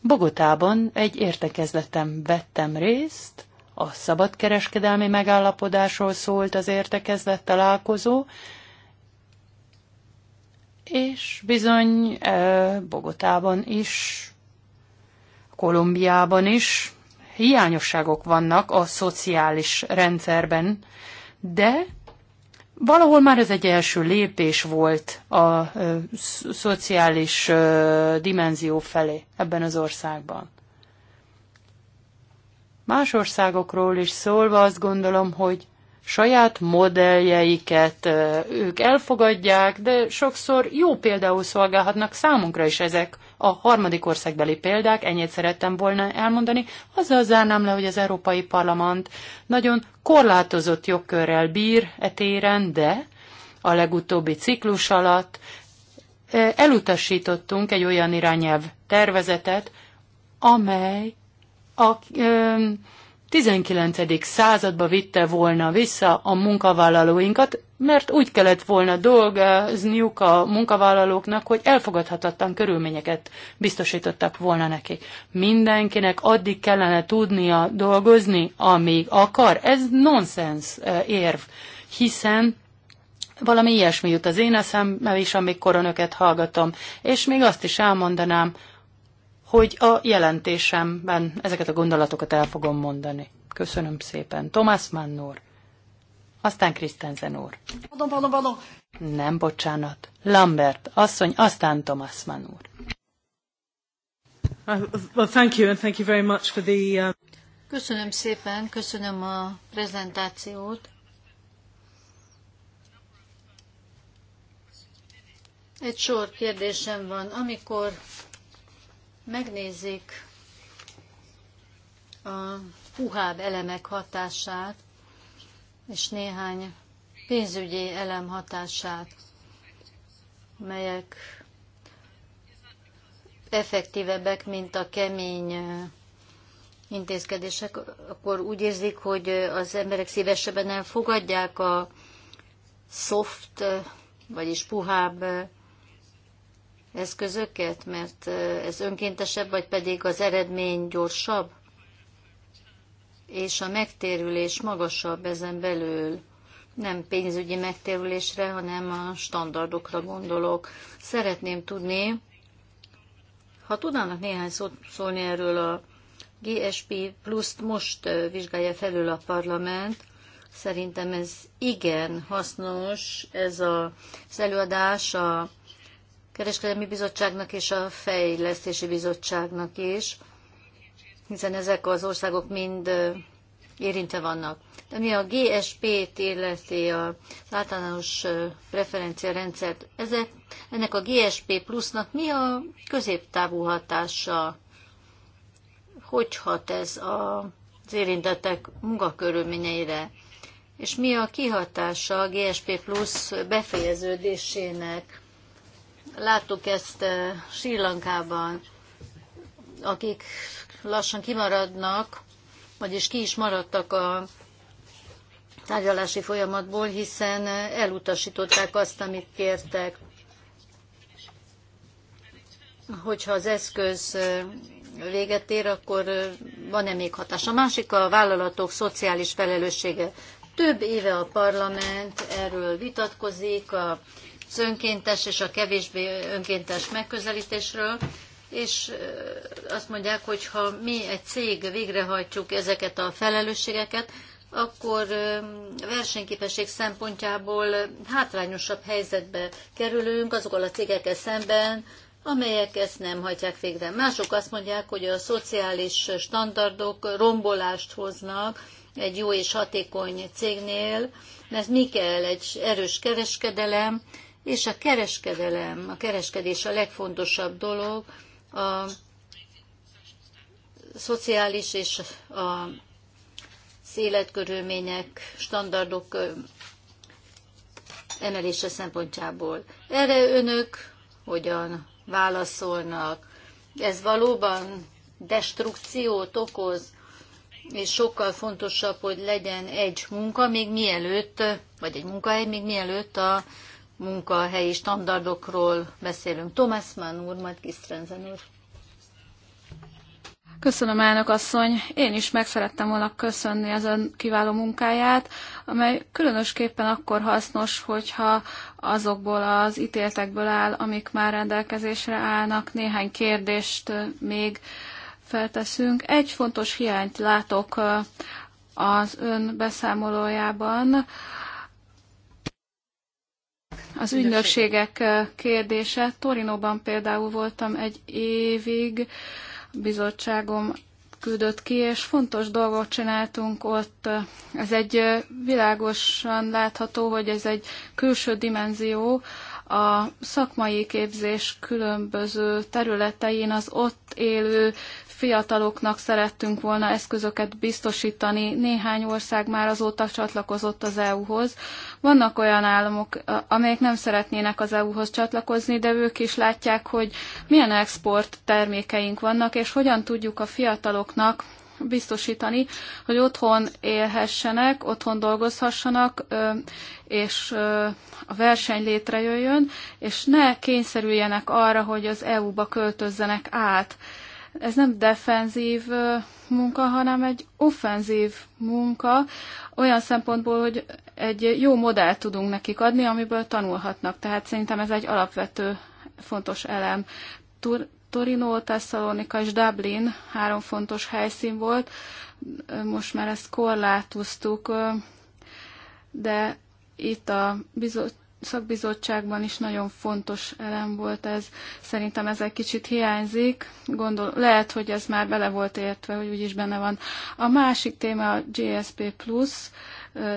Bogotában egy értekezleten vettem részt, a szabadkereskedelmi megállapodásról szólt az értekezlet találkozó, és bizony Bogotában is, Kolumbiában is hiányosságok vannak a szociális rendszerben, de valahol már ez egy első lépés volt a szociális dimenzió felé ebben az országban. Más országokról is szólva azt gondolom, hogy saját modelljeiket ők elfogadják, de sokszor jó például szolgálhatnak számunkra is ezek a harmadik országbeli példák, ennyit szerettem volna elmondani, azzal zárnám le, hogy az Európai Parlament nagyon korlátozott jogkörrel bír e téren, de a legutóbbi ciklus alatt e, elutasítottunk egy olyan irányelv tervezetet, amely a 19. E, századba vitte volna vissza a munkavállalóinkat, mert úgy kellett volna dolgozniuk a munkavállalóknak, hogy elfogadhatatlan körülményeket biztosítottak volna nekik. Mindenkinek addig kellene tudnia dolgozni, amíg akar. Ez nonsens eh, érv, hiszen valami ilyesmi jut az én eszembe is, amikor önöket hallgatom. És még azt is elmondanám, hogy a jelentésemben ezeket a gondolatokat el fogom mondani. Köszönöm szépen. Tomás Mannor aztán Krisztenzen úr. Pardon, pardon, pardon. Nem, bocsánat. Lambert, asszony, aztán Thomas Mann úr. Uh, well, thank you, and thank you very much for the... Uh, köszönöm szépen, köszönöm a prezentációt. Egy sor kérdésem van. Amikor megnézik a puhább elemek hatását, és néhány pénzügyi elem hatását, melyek effektívebbek, mint a kemény intézkedések, akkor úgy érzik, hogy az emberek szívesebben elfogadják a soft, vagyis puhább eszközöket, mert ez önkéntesebb, vagy pedig az eredmény gyorsabb? és a megtérülés magasabb ezen belül. Nem pénzügyi megtérülésre, hanem a standardokra gondolok. Szeretném tudni, ha tudnának néhány szót szólni erről a GSP pluszt most vizsgálja felül a parlament, szerintem ez igen hasznos, ez a, az előadás a Kereskedelmi Bizottságnak és a Fejlesztési Bizottságnak is hiszen ezek az országok mind érintve vannak. De mi a GSP-t illeti, az általános preferencia rendszert, ezek, ennek a GSP plusznak mi a középtávú hatása? Hogy hat ez az érintettek munkakörülményeire? És mi a kihatása a GSP plusz befejeződésének? Láttuk ezt Sri Lankában, akik lassan kimaradnak, vagyis ki is maradtak a tárgyalási folyamatból, hiszen elutasították azt, amit kértek. Hogyha az eszköz véget ér, akkor van-e még hatás? A másik a vállalatok szociális felelőssége. Több éve a parlament erről vitatkozik, a önkéntes és a kevésbé önkéntes megközelítésről és azt mondják, hogy ha mi egy cég végrehajtjuk ezeket a felelősségeket, akkor versenyképesség szempontjából hátrányosabb helyzetbe kerülünk azokkal a cégekkel szemben, amelyek ezt nem hajtják végre. Mások azt mondják, hogy a szociális standardok rombolást hoznak egy jó és hatékony cégnél, mert mi kell egy erős kereskedelem, és a kereskedelem, a kereskedés a legfontosabb dolog, a szociális és a életkörülmények, standardok emelése szempontjából. Erre önök hogyan válaszolnak? Ez valóban destrukciót okoz, és sokkal fontosabb, hogy legyen egy munka, még mielőtt, vagy egy munkahely, még mielőtt a munkahelyi standardokról beszélünk. Thomas Mann úr, majd Kisztrenzen úr. Köszönöm, elnök asszony. Én is meg szerettem volna köszönni az ön kiváló munkáját, amely különösképpen akkor hasznos, hogyha azokból az ítéltekből áll, amik már rendelkezésre állnak. Néhány kérdést még felteszünk. Egy fontos hiányt látok az ön beszámolójában az ügynökségek kérdése. Torinóban például voltam egy évig, bizottságom küldött ki, és fontos dolgot csináltunk ott. Ez egy világosan látható, hogy ez egy külső dimenzió, a szakmai képzés különböző területein az ott élő fiataloknak szerettünk volna eszközöket biztosítani. Néhány ország már azóta csatlakozott az EU-hoz. Vannak olyan államok, amelyek nem szeretnének az EU-hoz csatlakozni, de ők is látják, hogy milyen export termékeink vannak, és hogyan tudjuk a fiataloknak biztosítani, hogy otthon élhessenek, otthon dolgozhassanak, és a verseny létrejöjjön, és ne kényszerüljenek arra, hogy az EU-ba költözzenek át ez nem defenzív munka, hanem egy offenzív munka, olyan szempontból, hogy egy jó modellt tudunk nekik adni, amiből tanulhatnak. Tehát szerintem ez egy alapvető fontos elem. Tur- Torino, Thessalonika és Dublin három fontos helyszín volt. Most már ezt korlátoztuk, de itt a bizottság szakbizottságban is nagyon fontos elem volt ez. Szerintem ez egy kicsit hiányzik. Gondol, lehet, hogy ez már bele volt értve, hogy úgyis benne van. A másik téma a GSP+,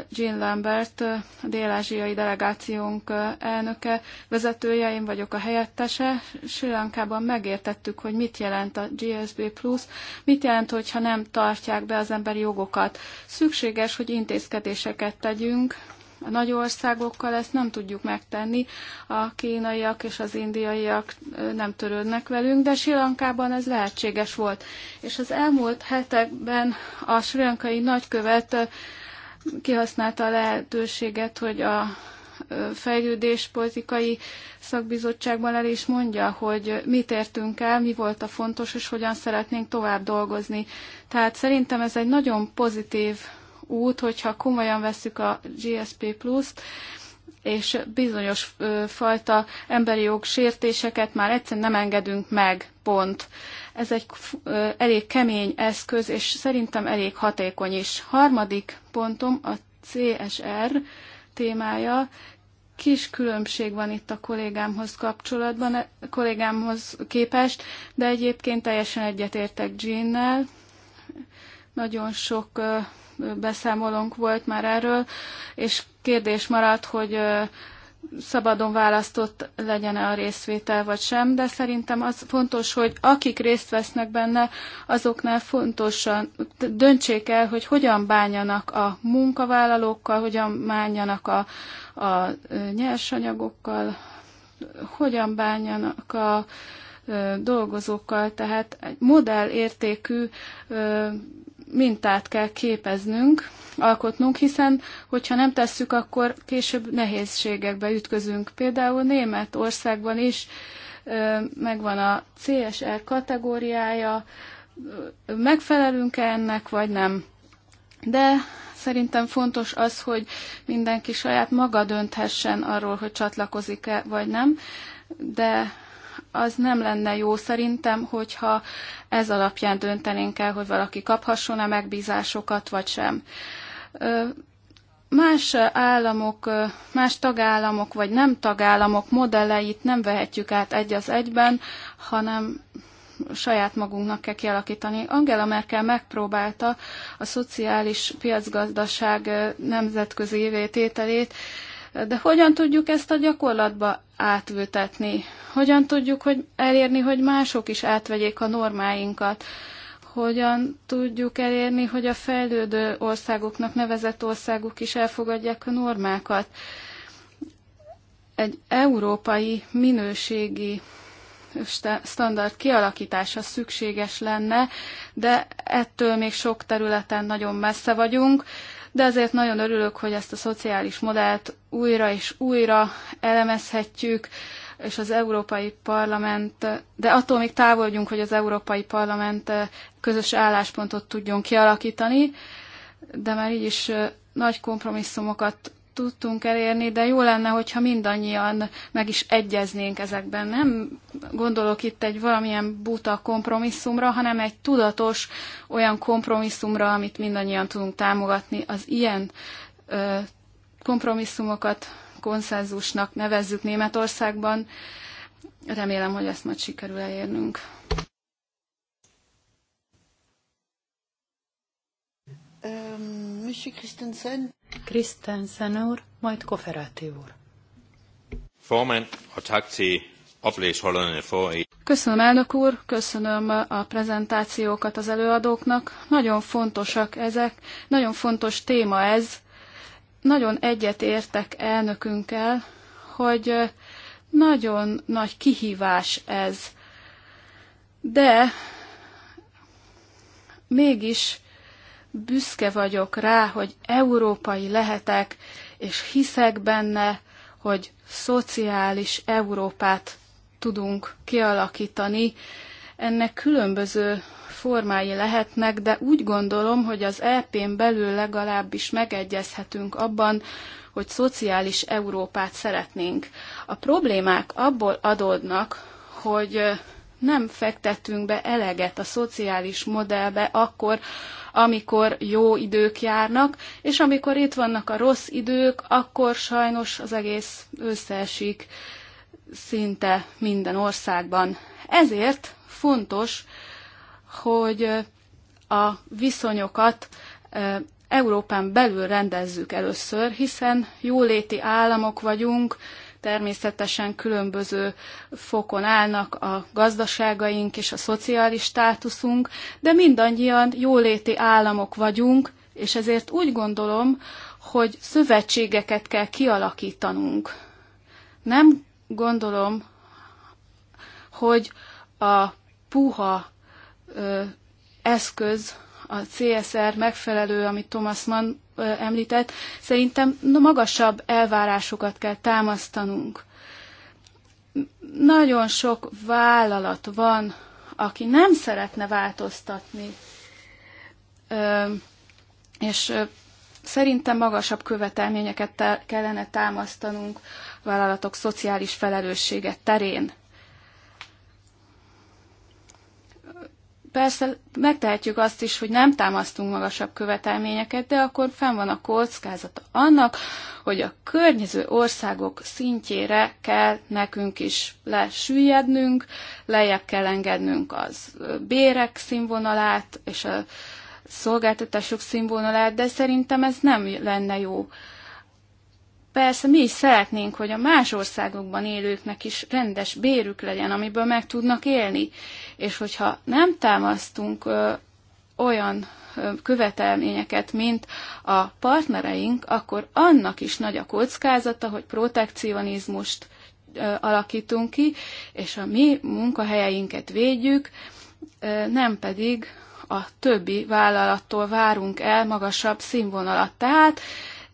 Jean Lambert, a dél-ázsiai delegációnk elnöke, vezetője, én vagyok a helyettese. Sri Lankában megértettük, hogy mit jelent a GSB+, mit jelent, hogyha nem tartják be az emberi jogokat. Szükséges, hogy intézkedéseket tegyünk, a nagy országokkal ezt nem tudjuk megtenni. A kínaiak és az indiaiak nem törődnek velünk, de Sri Lankában ez lehetséges volt. És az elmúlt hetekben a sri lankai nagykövet kihasználta a lehetőséget, hogy a fejlődés politikai szakbizottságban el is mondja, hogy mit értünk el, mi volt a fontos, és hogyan szeretnénk tovább dolgozni. Tehát szerintem ez egy nagyon pozitív út, hogyha komolyan veszük a GSP pluszt, és bizonyos ö, fajta emberi jog sértéseket már egyszerűen nem engedünk meg, pont. Ez egy ö, elég kemény eszköz, és szerintem elég hatékony is. Harmadik pontom a CSR témája. Kis különbség van itt a kollégámhoz kapcsolatban, e, kollégámhoz képest, de egyébként teljesen egyetértek Jean-nel. Nagyon sok ö, beszámolónk volt már erről, és kérdés maradt, hogy szabadon választott legyen-e a részvétel vagy sem, de szerintem az fontos, hogy akik részt vesznek benne, azoknál fontosan döntsék el, hogy hogyan bánjanak a munkavállalókkal, hogyan bánjanak a, a nyersanyagokkal, hogyan bánjanak a dolgozókkal, tehát egy modellértékű mintát kell képeznünk, alkotnunk, hiszen hogyha nem tesszük, akkor később nehézségekbe ütközünk. Például Németországban is megvan a CSR kategóriája, megfelelünk-e ennek, vagy nem. De szerintem fontos az, hogy mindenki saját maga dönthessen arról, hogy csatlakozik-e, vagy nem, de az nem lenne jó szerintem, hogyha ez alapján döntenénk el, hogy valaki kaphasson-e megbízásokat, vagy sem. Más államok, más tagállamok, vagy nem tagállamok modelleit nem vehetjük át egy az egyben, hanem saját magunknak kell kialakítani. Angela Merkel megpróbálta a szociális piacgazdaság nemzetközi évétételét, de hogyan tudjuk ezt a gyakorlatba átültetni? Hogyan tudjuk hogy elérni, hogy mások is átvegyék a normáinkat? Hogyan tudjuk elérni, hogy a fejlődő országoknak nevezett országok is elfogadják a normákat? Egy európai minőségi standard kialakítása szükséges lenne, de ettől még sok területen nagyon messze vagyunk de azért nagyon örülök, hogy ezt a szociális modellt újra és újra elemezhetjük, és az Európai Parlament, de attól még távol vagyunk, hogy az Európai Parlament eh, közös álláspontot tudjon kialakítani, de már így is eh, nagy kompromisszumokat tudtunk elérni, de jó lenne, hogyha mindannyian meg is egyeznénk ezekben. Nem gondolok itt egy valamilyen buta kompromisszumra, hanem egy tudatos olyan kompromisszumra, amit mindannyian tudunk támogatni. Az ilyen ö, kompromisszumokat konszenzusnak nevezzük Németországban. Remélem, hogy ezt majd sikerül elérnünk. Um, Monsieur Christensen. Christensen úr, majd Koferáti úr. Formen, a takti til for et Köszönöm, elnök úr, köszönöm a prezentációkat az előadóknak. Nagyon fontosak ezek, nagyon fontos téma ez. Nagyon egyet értek elnökünkkel, hogy nagyon nagy kihívás ez. De mégis büszke vagyok rá, hogy európai lehetek, és hiszek benne, hogy szociális Európát tudunk kialakítani. Ennek különböző formái lehetnek, de úgy gondolom, hogy az EP-n belül legalábbis megegyezhetünk abban, hogy szociális Európát szeretnénk. A problémák abból adódnak, hogy nem fektetünk be eleget a szociális modellbe akkor, amikor jó idők járnak, és amikor itt vannak a rossz idők, akkor sajnos az egész összeesik szinte minden országban. Ezért fontos, hogy a viszonyokat Európán belül rendezzük először, hiszen jóléti államok vagyunk, Természetesen különböző fokon állnak a gazdaságaink és a szociális státuszunk, de mindannyian jóléti államok vagyunk, és ezért úgy gondolom, hogy szövetségeket kell kialakítanunk. Nem gondolom, hogy a puha ö, eszköz a CSR megfelelő, amit Thomas Mann említett, szerintem magasabb elvárásokat kell támasztanunk. Nagyon sok vállalat van, aki nem szeretne változtatni, és szerintem magasabb követelményeket kellene támasztanunk vállalatok szociális felelősséget terén. Persze megtehetjük azt is, hogy nem támasztunk magasabb követelményeket, de akkor fenn van a kockázata annak, hogy a környező országok szintjére kell nekünk is lesüllyednünk, lejjebb kell engednünk az bérek színvonalát és a szolgáltatások színvonalát, de szerintem ez nem lenne jó. Persze mi is szeretnénk, hogy a más országokban élőknek is rendes bérük legyen, amiből meg tudnak élni. És hogyha nem támasztunk ö, olyan ö, követelményeket, mint a partnereink, akkor annak is nagy a kockázata, hogy protekcionizmust ö, alakítunk ki, és a mi munkahelyeinket védjük, ö, nem pedig a többi vállalattól várunk el magasabb színvonalat. Tehát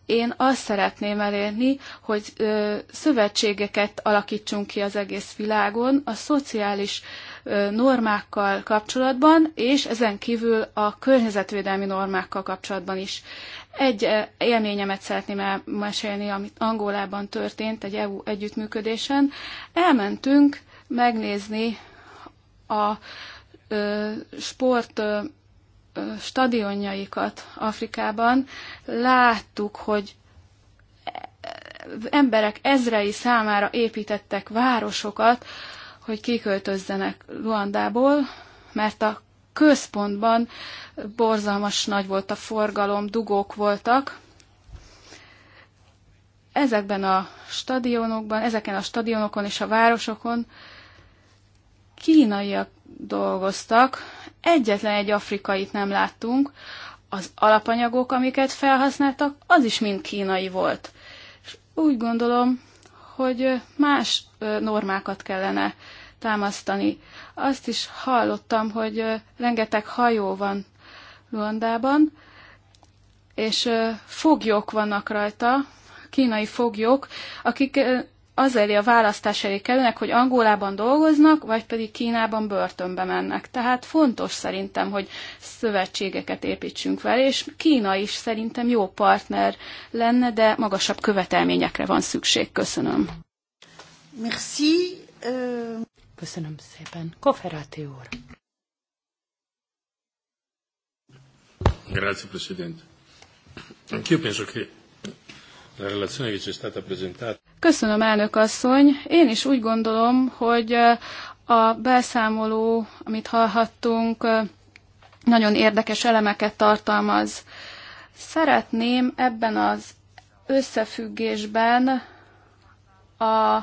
én azt szeretném elérni, hogy ö, szövetségeket alakítsunk ki az egész világon a szociális ö, normákkal kapcsolatban, és ezen kívül a környezetvédelmi normákkal kapcsolatban is. Egy élményemet szeretném elmesélni, amit Angolában történt egy EU együttműködésen. Elmentünk megnézni a ö, sport ö, stadionjaikat Afrikában, láttuk, hogy emberek ezrei számára építettek városokat, hogy kiköltözzenek Luandából, mert a központban borzalmas nagy volt a forgalom, dugók voltak. Ezekben a stadionokban, ezeken a stadionokon és a városokon kínaiak dolgoztak, egyetlen egy afrikait nem láttunk, az alapanyagok, amiket felhasználtak, az is mind kínai volt. És úgy gondolom, hogy más normákat kellene támasztani. Azt is hallottam, hogy rengeteg hajó van Luandában, és foglyok vannak rajta, kínai foglyok, akik az elé a választás elé kerülnek, hogy Angolában dolgoznak, vagy pedig Kínában börtönbe mennek. Tehát fontos szerintem, hogy szövetségeket építsünk vele, és Kína is szerintem jó partner lenne, de magasabb követelményekre van szükség. Köszönöm. Merci. Euh, Köszönöm szépen. Koferáti úr. Grazie Presidente. Anch'io penso che Köszönöm, elnök asszony. Én is úgy gondolom, hogy eh, a beszámoló, amit hallhattunk, eh, nagyon érdekes elemeket tartalmaz. Szeretném ebben az összefüggésben a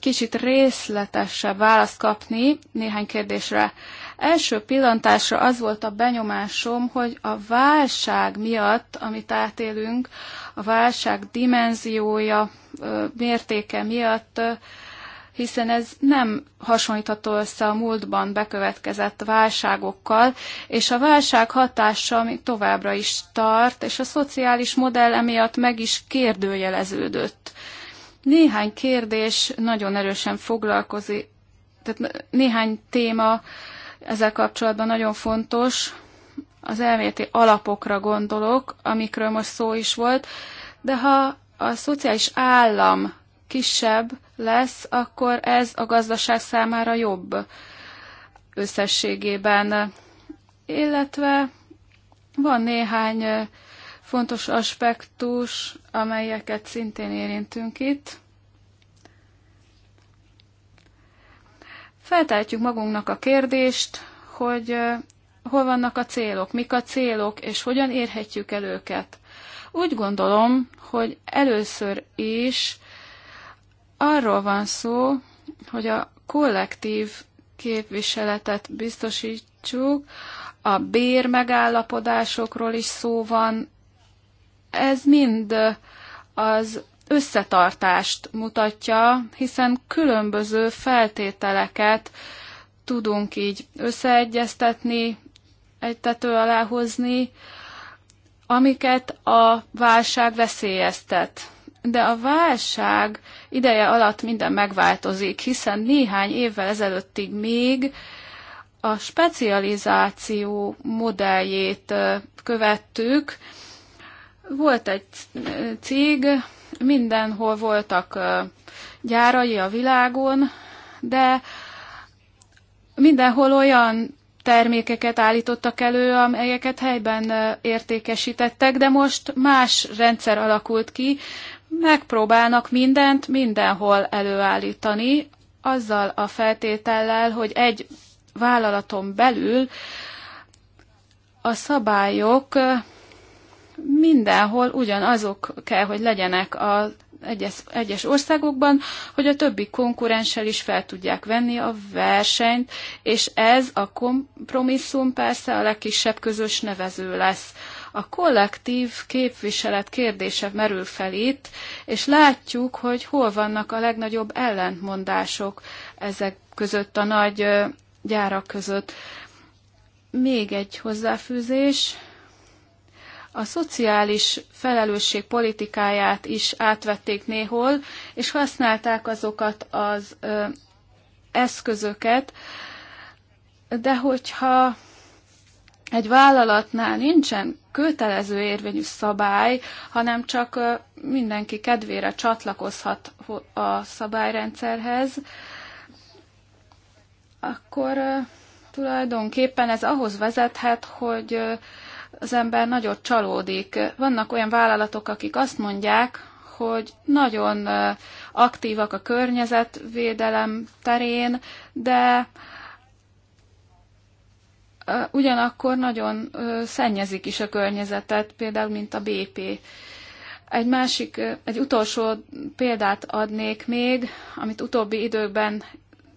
kicsit részletesebb választ kapni néhány kérdésre. Első pillantásra az volt a benyomásom, hogy a válság miatt, amit átélünk, a válság dimenziója, mértéke miatt, hiszen ez nem hasonlítható össze a múltban bekövetkezett válságokkal, és a válság hatása még továbbra is tart, és a szociális modell emiatt meg is kérdőjeleződött. Néhány kérdés nagyon erősen foglalkozik, tehát néhány téma ezzel kapcsolatban nagyon fontos, az elméleti alapokra gondolok, amikről most szó is volt, de ha a szociális állam kisebb lesz, akkor ez a gazdaság számára jobb összességében. Illetve van néhány fontos aspektus, amelyeket szintén érintünk itt. Feltehetjük magunknak a kérdést, hogy hol vannak a célok, mik a célok, és hogyan érhetjük el őket. Úgy gondolom, hogy először is arról van szó, hogy a kollektív képviseletet biztosítsuk, a bér megállapodásokról is szó van. Ez mind az összetartást mutatja, hiszen különböző feltételeket tudunk így összeegyeztetni, egy tető alá hozni, amiket a válság veszélyeztet. De a válság ideje alatt minden megváltozik, hiszen néhány évvel ezelőttig még a specializáció modelljét követtük. Volt egy cég, mindenhol voltak gyárai a világon, de mindenhol olyan termékeket állítottak elő, amelyeket helyben értékesítettek, de most más rendszer alakult ki, megpróbálnak mindent mindenhol előállítani, azzal a feltétellel, hogy egy vállalaton belül a szabályok mindenhol ugyanazok kell, hogy legyenek a egyes, egyes országokban, hogy a többi konkurenssel is fel tudják venni a versenyt, és ez a kompromisszum persze a legkisebb közös nevező lesz. A kollektív képviselet kérdése merül fel itt, és látjuk, hogy hol vannak a legnagyobb ellentmondások ezek között, a nagy gyárak között. Még egy hozzáfűzés a szociális felelősség politikáját is átvették néhol, és használták azokat az ö, eszközöket, de hogyha egy vállalatnál nincsen kötelező érvényű szabály, hanem csak mindenki kedvére csatlakozhat a szabályrendszerhez, akkor tulajdonképpen ez ahhoz vezethet, hogy az ember nagyon csalódik. Vannak olyan vállalatok, akik azt mondják, hogy nagyon aktívak a környezetvédelem terén, de ugyanakkor nagyon szennyezik is a környezetet, például mint a BP. Egy másik, egy utolsó példát adnék még, amit utóbbi időkben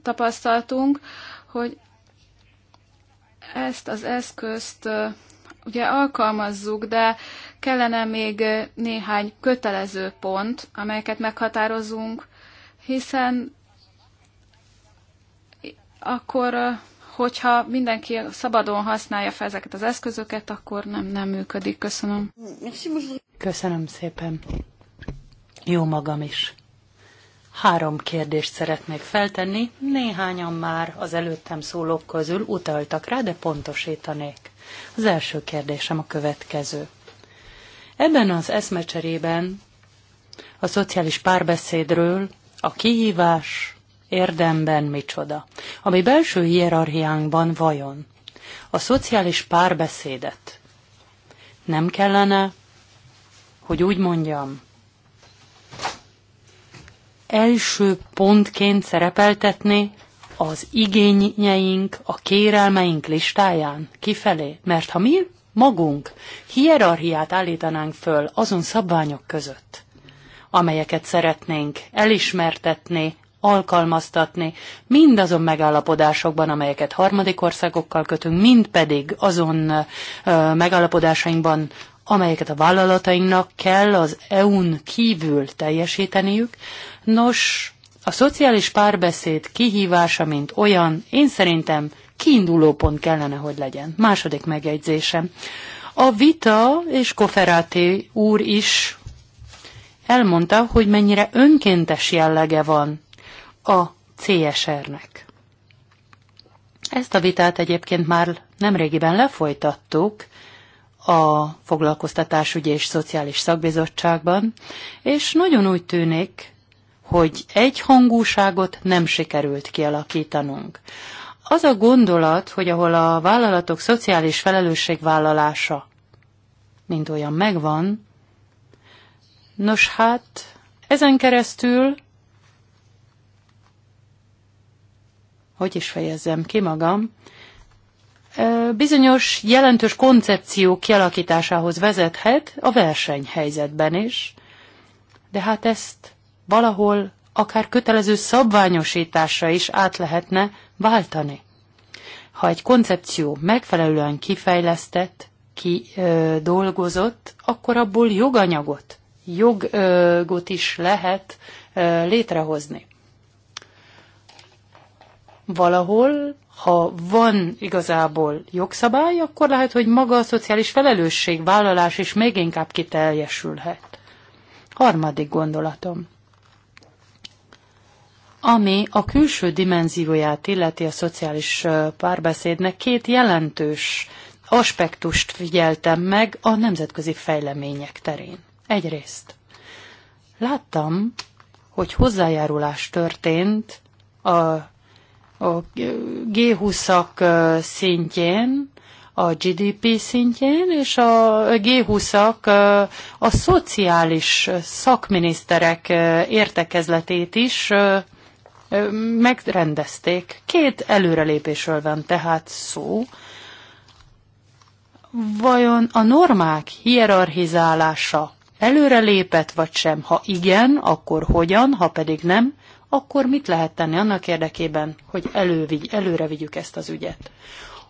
tapasztaltunk, hogy ezt az eszközt ugye alkalmazzuk, de kellene még néhány kötelező pont, amelyeket meghatározunk, hiszen akkor, hogyha mindenki szabadon használja fel ezeket az eszközöket, akkor nem, nem működik. Köszönöm. Köszönöm szépen. Jó magam is. Három kérdést szeretnék feltenni, néhányan már az előttem szólók közül utaltak rá, de pontosítanék. Az első kérdésem a következő. Ebben az eszmecserében a szociális párbeszédről a kihívás érdemben micsoda, ami belső hierarchiánkban vajon. A szociális párbeszédet nem kellene, hogy úgy mondjam, első pontként szerepeltetni az igényeink, a kérelmeink listáján kifelé, mert ha mi magunk hierarchiát állítanánk föl azon szabványok között, amelyeket szeretnénk elismertetni, alkalmaztatni, mind azon megállapodásokban, amelyeket harmadik országokkal kötünk, mind pedig azon ö, megállapodásainkban, amelyeket a vállalatainknak kell az EU-n kívül teljesíteniük. Nos, a szociális párbeszéd kihívása, mint olyan, én szerintem kiinduló pont kellene, hogy legyen. Második megjegyzésem. A vita és Koferáti úr is elmondta, hogy mennyire önkéntes jellege van a CSR-nek. Ezt a vitát egyébként már nemrégiben lefolytattuk a foglalkoztatásügyi és szociális szakbizottságban, és nagyon úgy tűnik, hogy egy hangúságot nem sikerült kialakítanunk. Az a gondolat, hogy ahol a vállalatok szociális felelősségvállalása mint olyan megvan, nos hát ezen keresztül hogy is fejezzem ki magam, bizonyos jelentős koncepció kialakításához vezethet a versenyhelyzetben is, de hát ezt valahol akár kötelező szabványosításra is át lehetne váltani. Ha egy koncepció megfelelően kifejlesztett, kidolgozott, akkor abból joganyagot, jogot is lehet ö, létrehozni. Valahol, ha van igazából jogszabály, akkor lehet, hogy maga a szociális felelősségvállalás is még inkább kiteljesülhet. Harmadik gondolatom. Ami a külső dimenzióját illeti a szociális párbeszédnek, két jelentős aspektust figyeltem meg a nemzetközi fejlemények terén. Egyrészt láttam, hogy hozzájárulás történt a, a G20-ak szintjén, a GDP szintjén, és a G20-ak a szociális szakminiszterek értekezletét is megrendezték. Két előrelépésről van tehát szó. Vajon a normák hierarchizálása előrelépett vagy sem? Ha igen, akkor hogyan, ha pedig nem, akkor mit lehet tenni annak érdekében, hogy elővigy, előre vigyük ezt az ügyet?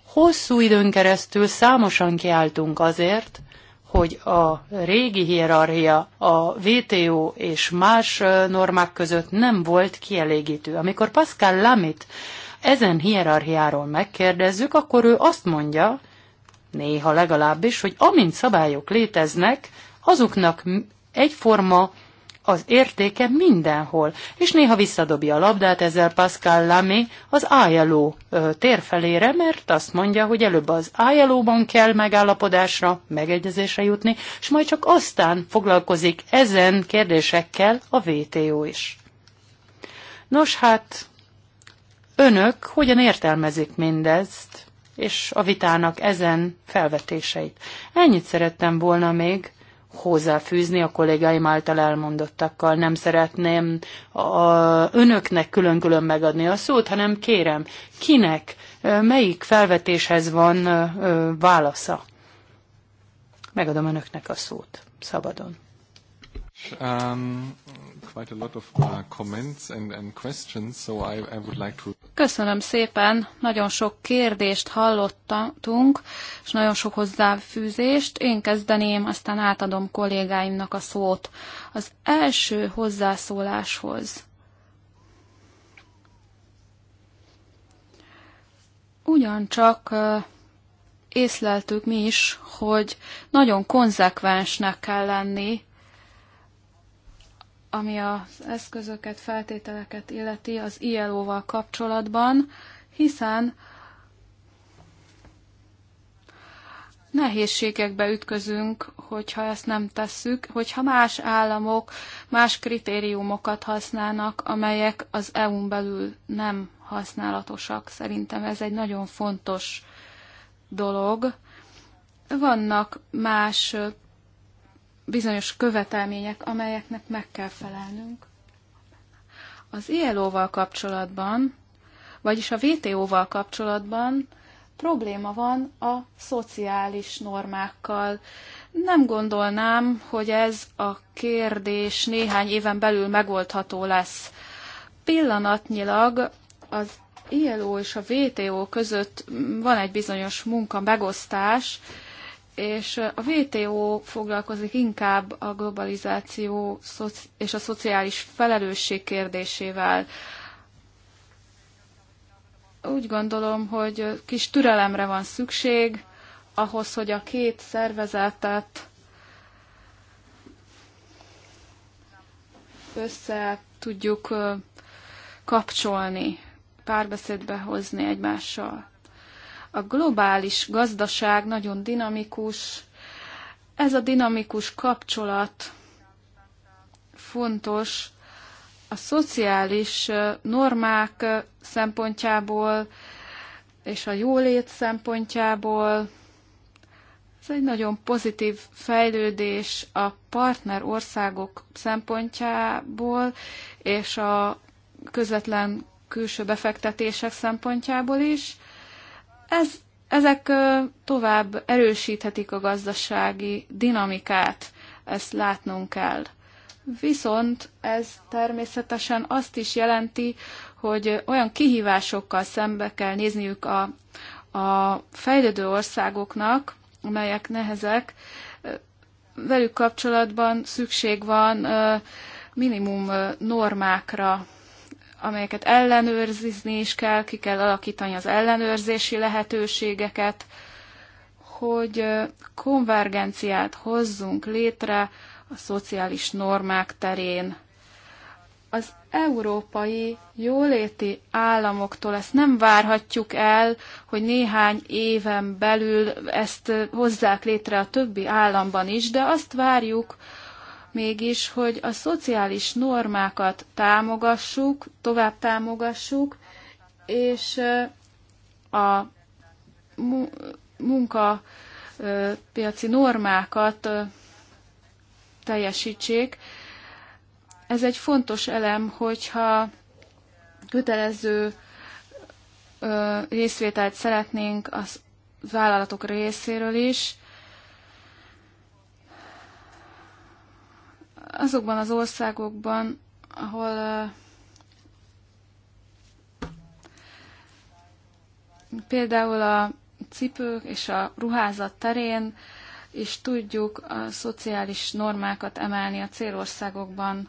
Hosszú időn keresztül számosan kiálltunk azért, hogy a régi hierarchia a VTO és más normák között nem volt kielégítő. Amikor Pascal Lamit ezen hierarchiáról megkérdezzük, akkor ő azt mondja, néha legalábbis, hogy amint szabályok léteznek, azoknak egyforma az értéke mindenhol. És néha visszadobja a labdát ezzel Pascal Lamy az ILO térfelére, mert azt mondja, hogy előbb az ilo kell megállapodásra, megegyezésre jutni, és majd csak aztán foglalkozik ezen kérdésekkel a VTO is. Nos hát, önök hogyan értelmezik mindezt, és a vitának ezen felvetéseit? Ennyit szerettem volna még hozzáfűzni a kollégáim által elmondottakkal. Nem szeretném a, önöknek külön-külön megadni a szót, hanem kérem, kinek, melyik felvetéshez van válasza? Megadom önöknek a szót, szabadon. Um, quite a lot of uh, comments and, and questions, so I, I would like to... Köszönöm szépen, nagyon sok kérdést hallottunk, és nagyon sok hozzáfűzést. Én kezdeném, aztán átadom kollégáimnak a szót. Az első hozzászóláshoz. Ugyancsak észleltük mi is, hogy nagyon konzekvensnek kell lenni ami az eszközöket, feltételeket illeti az ILO-val kapcsolatban, hiszen nehézségekbe ütközünk, hogyha ezt nem tesszük, hogyha más államok más kritériumokat használnak, amelyek az EU-n belül nem használatosak. Szerintem ez egy nagyon fontos dolog. Vannak más bizonyos követelmények, amelyeknek meg kell felelnünk. Az ILO-val e kapcsolatban, vagyis a VTO-val kapcsolatban probléma van a szociális normákkal. Nem gondolnám, hogy ez a kérdés néhány éven belül megoldható lesz. Pillanatnyilag az ILO e és a VTO között van egy bizonyos munka megosztás, és a WTO foglalkozik inkább a globalizáció és a szociális felelősség kérdésével. Úgy gondolom, hogy kis türelemre van szükség ahhoz, hogy a két szervezetet össze tudjuk kapcsolni, párbeszédbe hozni egymással. A globális gazdaság nagyon dinamikus, ez a dinamikus kapcsolat fontos a szociális normák szempontjából és a jólét szempontjából. Ez egy nagyon pozitív fejlődés a partner országok szempontjából és a közvetlen külső befektetések szempontjából is. Ez, ezek tovább erősíthetik a gazdasági dinamikát, ezt látnunk kell. Viszont ez természetesen azt is jelenti, hogy olyan kihívásokkal szembe kell nézniük a, a fejlődő országoknak, amelyek nehezek, velük kapcsolatban szükség van minimum normákra, amelyeket ellenőrzni is kell, ki kell alakítani az ellenőrzési lehetőségeket, hogy konvergenciát hozzunk létre a szociális normák terén. Az európai jóléti államoktól ezt nem várhatjuk el, hogy néhány éven belül ezt hozzák létre a többi államban is, de azt várjuk, mégis, hogy a szociális normákat támogassuk, tovább támogassuk, és a munkapiaci normákat teljesítsék. Ez egy fontos elem, hogyha kötelező részvételt szeretnénk az vállalatok részéről is, azokban az országokban, ahol például a cipők és a ruházat terén is tudjuk a szociális normákat emelni a célországokban.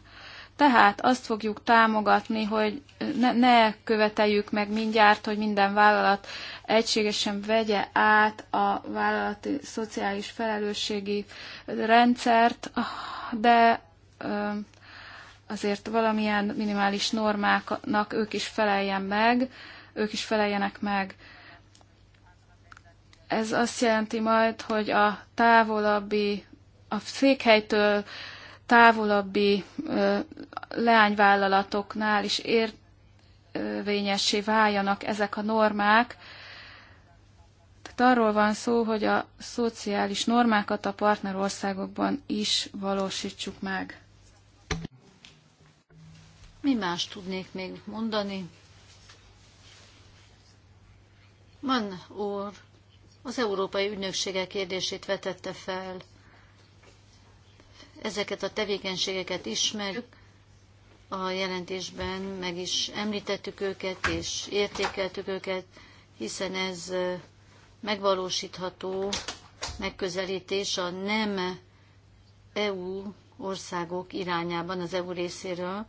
Tehát azt fogjuk támogatni, hogy ne, ne követeljük meg mindjárt, hogy minden vállalat egységesen vegye át a vállalati szociális felelősségi rendszert, de azért valamilyen minimális normáknak ők is feleljen meg, ők is feleljenek meg. Ez azt jelenti majd, hogy a távolabbi, a székhelytől távolabbi leányvállalatoknál is érvényessé váljanak ezek a normák, tehát arról van szó, hogy a szociális normákat a partnerországokban is valósítsuk meg. Mi más tudnék még mondani? Mann úr az európai ügynökségek kérdését vetette fel. Ezeket a tevékenységeket ismerjük, a jelentésben meg is említettük őket és értékeltük őket, hiszen ez megvalósítható megközelítés a nem EU országok irányában az EU részéről,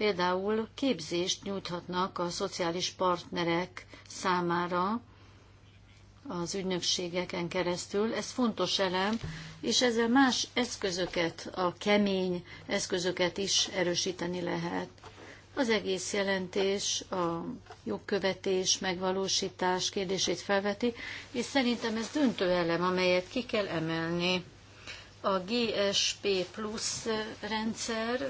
Például képzést nyújthatnak a szociális partnerek számára az ügynökségeken keresztül. Ez fontos elem, és ezzel más eszközöket, a kemény eszközöket is erősíteni lehet. Az egész jelentés a jogkövetés, megvalósítás kérdését felveti, és szerintem ez döntő elem, amelyet ki kell emelni a GSP plusz rendszer,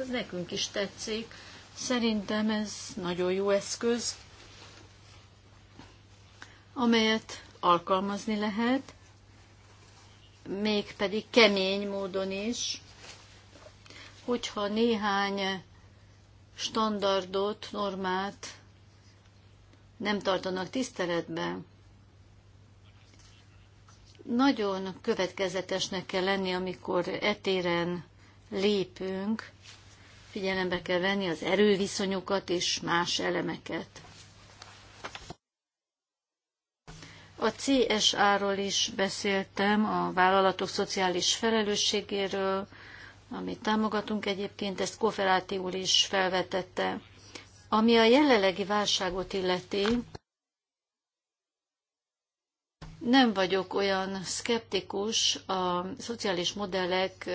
ez nekünk is tetszik. Szerintem ez nagyon jó eszköz, amelyet alkalmazni lehet, mégpedig kemény módon is, hogyha néhány standardot, normát nem tartanak tiszteletben, nagyon következetesnek kell lenni, amikor etéren lépünk, figyelembe kell venni az erőviszonyokat és más elemeket. A CSA-ról is beszéltem, a vállalatok szociális felelősségéről, amit támogatunk egyébként, ezt Koferáti úr is felvetette. Ami a jelenlegi válságot illeti, nem vagyok olyan szkeptikus a szociális modellek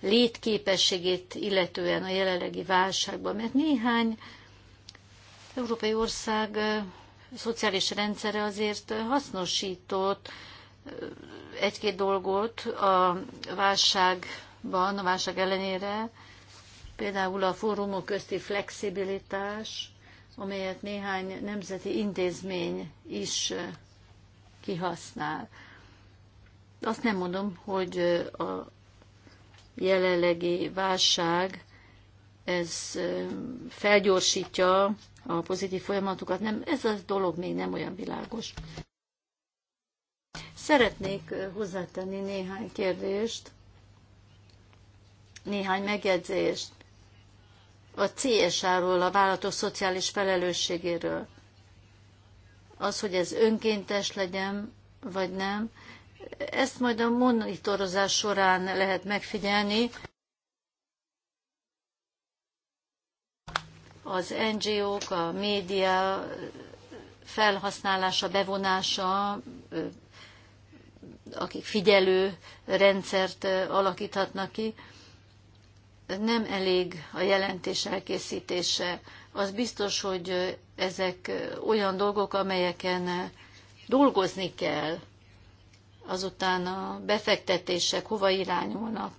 létképességét illetően a jelenlegi válságban, mert néhány európai ország szociális rendszere azért hasznosított egy-két dolgot a válságban, a válság ellenére, például a fórumok közti flexibilitás, amelyet néhány nemzeti intézmény is kihasznál. Azt nem mondom, hogy a jelenlegi válság ez felgyorsítja a pozitív folyamatokat. Nem, ez a dolog még nem olyan világos. Szeretnék hozzátenni néhány kérdést, néhány megjegyzést a CSR-ról, a vállalatok szociális felelősségéről az, hogy ez önkéntes legyen, vagy nem, ezt majd a monitorozás során lehet megfigyelni. Az NGO-k, a média felhasználása, bevonása, akik figyelő rendszert alakíthatnak ki, nem elég a jelentés elkészítése az biztos, hogy ezek olyan dolgok, amelyeken dolgozni kell, azután a befektetések hova irányulnak.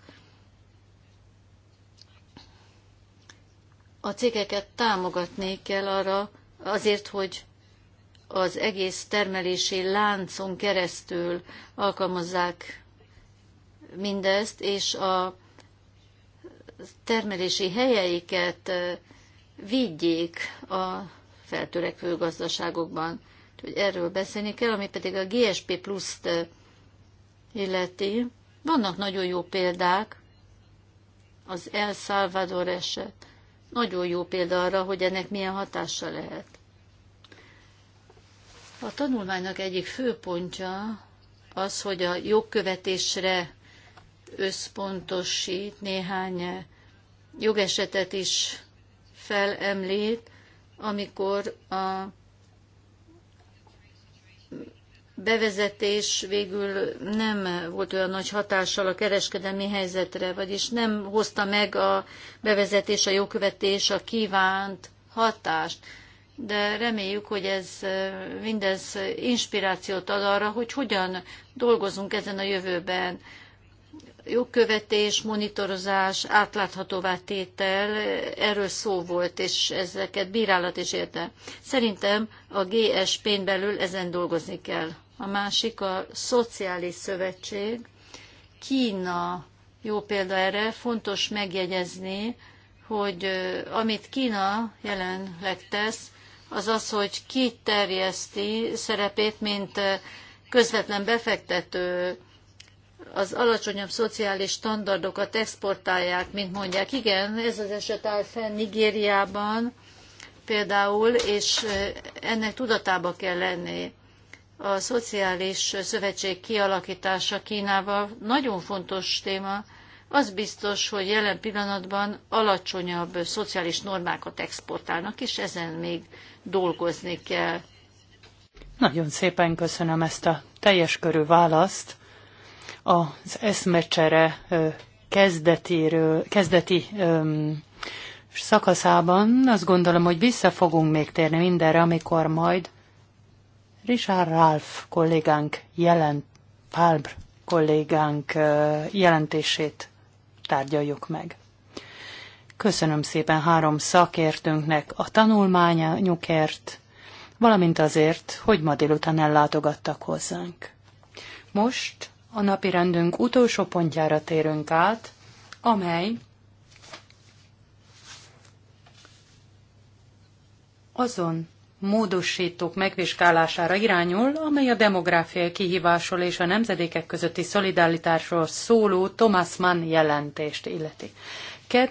A cégeket támogatni kell arra azért, hogy az egész termelési láncon keresztül alkalmazzák mindezt, és a termelési helyeiket védjék a feltörekvő gazdaságokban. Úgyhogy erről beszélni kell, ami pedig a GSP pluszt eh, illeti. Vannak nagyon jó példák, az El Salvador eset. Nagyon jó példa arra, hogy ennek milyen hatása lehet. A tanulmánynak egyik fő pontja az, hogy a jogkövetésre összpontosít néhány jogesetet is felemlít, amikor a bevezetés végül nem volt olyan nagy hatással a kereskedelmi helyzetre, vagyis nem hozta meg a bevezetés, a jókövetés a kívánt hatást. De reméljük, hogy ez mindez inspirációt ad arra, hogy hogyan dolgozunk ezen a jövőben jogkövetés, monitorozás, átláthatóvá tétel, erről szó volt, és ezeket bírálat is érte. Szerintem a GSP-n belül ezen dolgozni kell. A másik a Szociális Szövetség. Kína jó példa erre, fontos megjegyezni, hogy amit Kína jelenleg tesz, az az, hogy kiterjeszti szerepét, mint közvetlen befektető az alacsonyabb szociális standardokat exportálják, mint mondják. Igen, ez az eset áll fenn Nigériában például, és ennek tudatába kell lenni. A szociális szövetség kialakítása Kínával nagyon fontos téma. Az biztos, hogy jelen pillanatban alacsonyabb szociális normákat exportálnak, és ezen még dolgozni kell. Nagyon szépen köszönöm ezt a teljes körű választ az eszmecsere kezdetéről, kezdeti öm, szakaszában azt gondolom, hogy vissza fogunk még térni mindenre, amikor majd Richard Ralph kollégánk jelent, Palbr kollégánk jelentését tárgyaljuk meg. Köszönöm szépen három szakértőnknek a tanulmányukért, valamint azért, hogy ma délután ellátogattak hozzánk. Most a napi rendünk utolsó pontjára térünk át, amely azon módosítók megvizsgálására irányul, amely a demográfiai kihívásról és a nemzedékek közötti szolidaritásról szóló Thomas Mann jelentést illeti.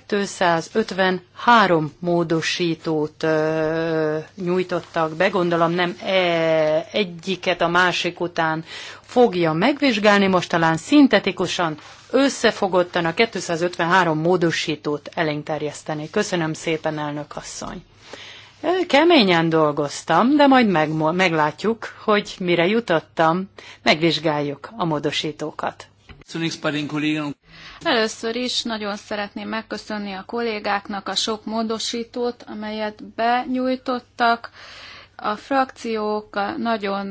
253 módosítót ö, nyújtottak be, gondolom nem e, egyiket a másik után fogja megvizsgálni, most talán szintetikusan összefogottan a 253 módosítót elénterjeszteni. Köszönöm szépen, elnök asszony! Keményen dolgoztam, de majd meg, meglátjuk, hogy mire jutottam. Megvizsgáljuk a módosítókat. Először is nagyon szeretném megköszönni a kollégáknak a sok módosítót, amelyet benyújtottak. A frakciók nagyon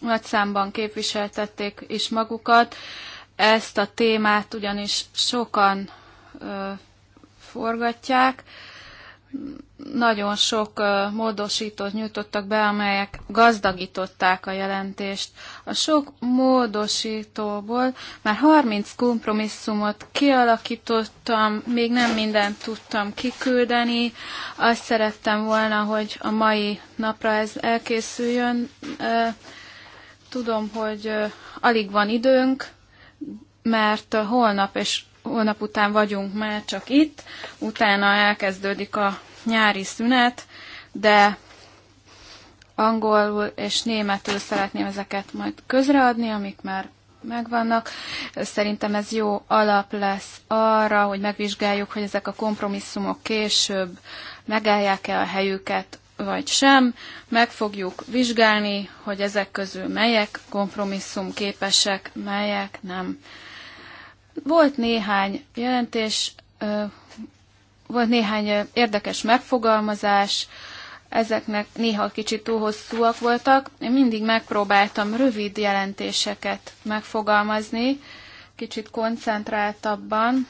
nagy számban képviseltették is magukat. Ezt a témát ugyanis sokan forgatják nagyon sok módosítót nyújtottak be, amelyek gazdagították a jelentést. A sok módosítóból már 30 kompromisszumot kialakítottam, még nem mindent tudtam kiküldeni. Azt szerettem volna, hogy a mai napra ez elkészüljön. Tudom, hogy alig van időnk, mert holnap és holnap után vagyunk már csak itt, utána elkezdődik a nyári szünet, de angolul és németül szeretném ezeket majd közreadni, amik már megvannak. Szerintem ez jó alap lesz arra, hogy megvizsgáljuk, hogy ezek a kompromisszumok később megállják-e a helyüket, vagy sem. Meg fogjuk vizsgálni, hogy ezek közül melyek kompromisszum képesek, melyek nem. Volt néhány jelentés volt néhány érdekes megfogalmazás, ezeknek néha kicsit túl hosszúak voltak. Én mindig megpróbáltam rövid jelentéseket megfogalmazni, kicsit koncentráltabban.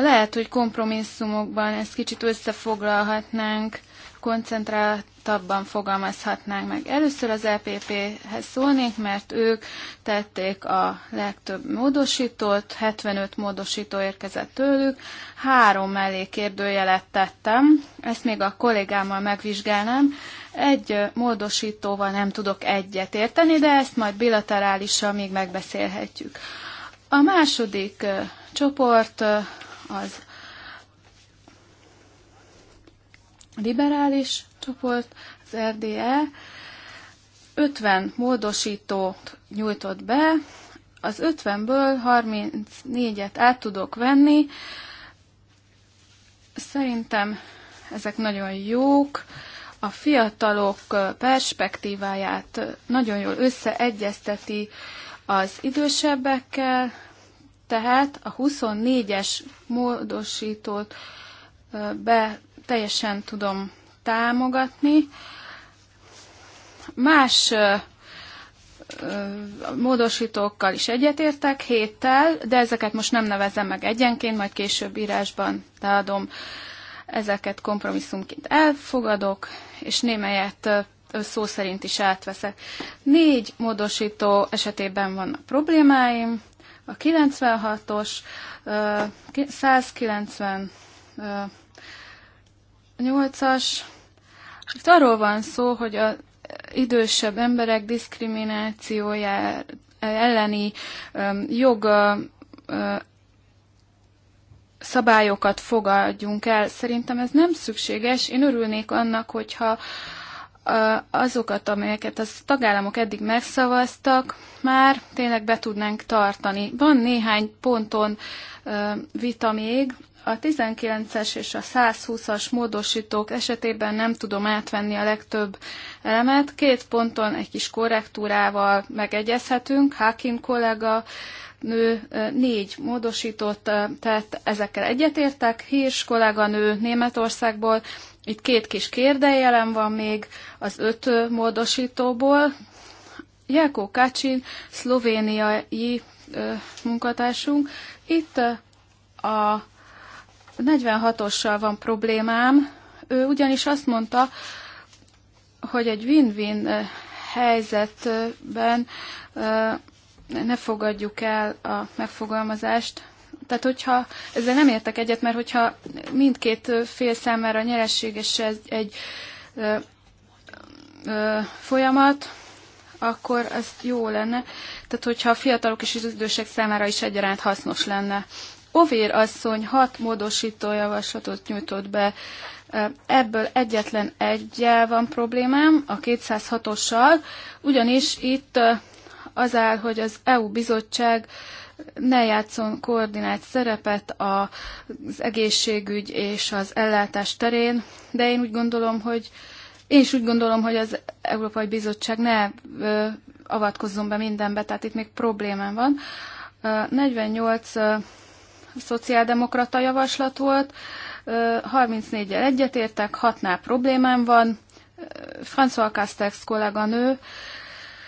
Lehet, hogy kompromisszumokban ezt kicsit összefoglalhatnánk, koncentráltabban fogalmazhatnánk meg. Először az EPP-hez szólnék, mert ők tették a legtöbb módosítót, 75 módosító érkezett tőlük, három mellé kérdőjelet tettem, ezt még a kollégámmal megvizsgálnám, egy módosítóval nem tudok egyet érteni, de ezt majd bilaterálisan még megbeszélhetjük. A második csoport az liberális csoport, az RDE, 50 módosítót nyújtott be, az 50-ből 34-et át tudok venni. Szerintem ezek nagyon jók. A fiatalok perspektíváját nagyon jól összeegyezteti az idősebbekkel, tehát a 24-es módosítót be teljesen tudom támogatni. Más módosítókkal is egyetértek, héttel, de ezeket most nem nevezem meg egyenként, majd később írásban leadom. Ezeket kompromisszumként elfogadok, és némelyet szó szerint is átveszek. Négy módosító esetében vannak problémáim, a 96-os, 190, Nyolcas. Itt arról van szó, hogy az idősebb emberek diszkriminációja elleni joga szabályokat fogadjunk el. Szerintem ez nem szükséges. Én örülnék annak, hogyha azokat, amelyeket a tagállamok eddig megszavaztak, már tényleg be tudnánk tartani. Van néhány ponton vita még, a 19-es és a 120-as módosítók esetében nem tudom átvenni a legtöbb elemet. Két ponton egy kis korrektúrával megegyezhetünk. Hakim kollega nő négy módosított, tehát ezekkel egyetértek. Hírs kollega nő Németországból, itt két kis kérdőjelem van még az öt módosítóból. Jelko Kacsin, szlovéniai munkatársunk, itt a a 46-ossal van problémám. Ő ugyanis azt mondta, hogy egy win-win helyzetben ne fogadjuk el a megfogalmazást. Tehát, hogyha ezzel nem értek egyet, mert hogyha mindkét fél számára nyereséges ez egy ö, ö, folyamat, akkor ez jó lenne. Tehát, hogyha a fiatalok és az idősek számára is egyaránt hasznos lenne. Ovér asszony hat módosító javaslatot nyújtott be, ebből egyetlen egyel van problémám, a 206-ossal, ugyanis itt az áll, hogy az EU bizottság ne játszon koordinált szerepet az egészségügy és az ellátás terén, de én úgy gondolom, hogy én is úgy gondolom, hogy az Európai Bizottság ne ö, avatkozzon be mindenbe, tehát itt még problémám van. 48 szociáldemokrata javaslat volt, 34-jel egyetértek, 6-nál problémám van. François Castex kolléganő,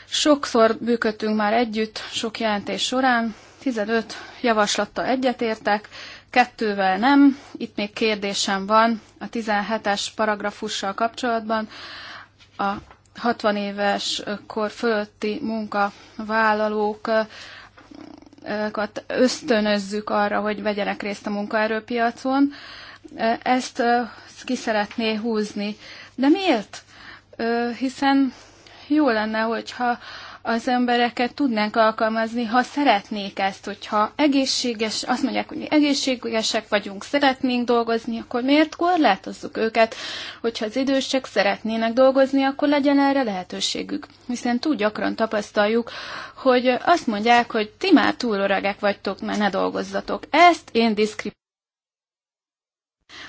sokszor bűködtünk már együtt, sok jelentés során, 15 javaslatta egyetértek, kettővel nem. Itt még kérdésem van a 17-es paragrafussal kapcsolatban. A 60 éves kor fölötti munkavállalók ösztönözzük arra, hogy vegyenek részt a munkaerőpiacon. Ezt ki szeretné húzni. De miért? Hiszen jó lenne, hogyha az embereket tudnánk alkalmazni, ha szeretnék ezt, hogyha egészséges, azt mondják, hogy mi egészségesek vagyunk, szeretnénk dolgozni, akkor miért korlátozzuk őket, hogyha az idősek szeretnének dolgozni, akkor legyen erre lehetőségük. Hiszen túl gyakran tapasztaljuk, hogy azt mondják, hogy ti már túl öregek vagytok, mert ne dolgozzatok. Ezt én diszkripálom.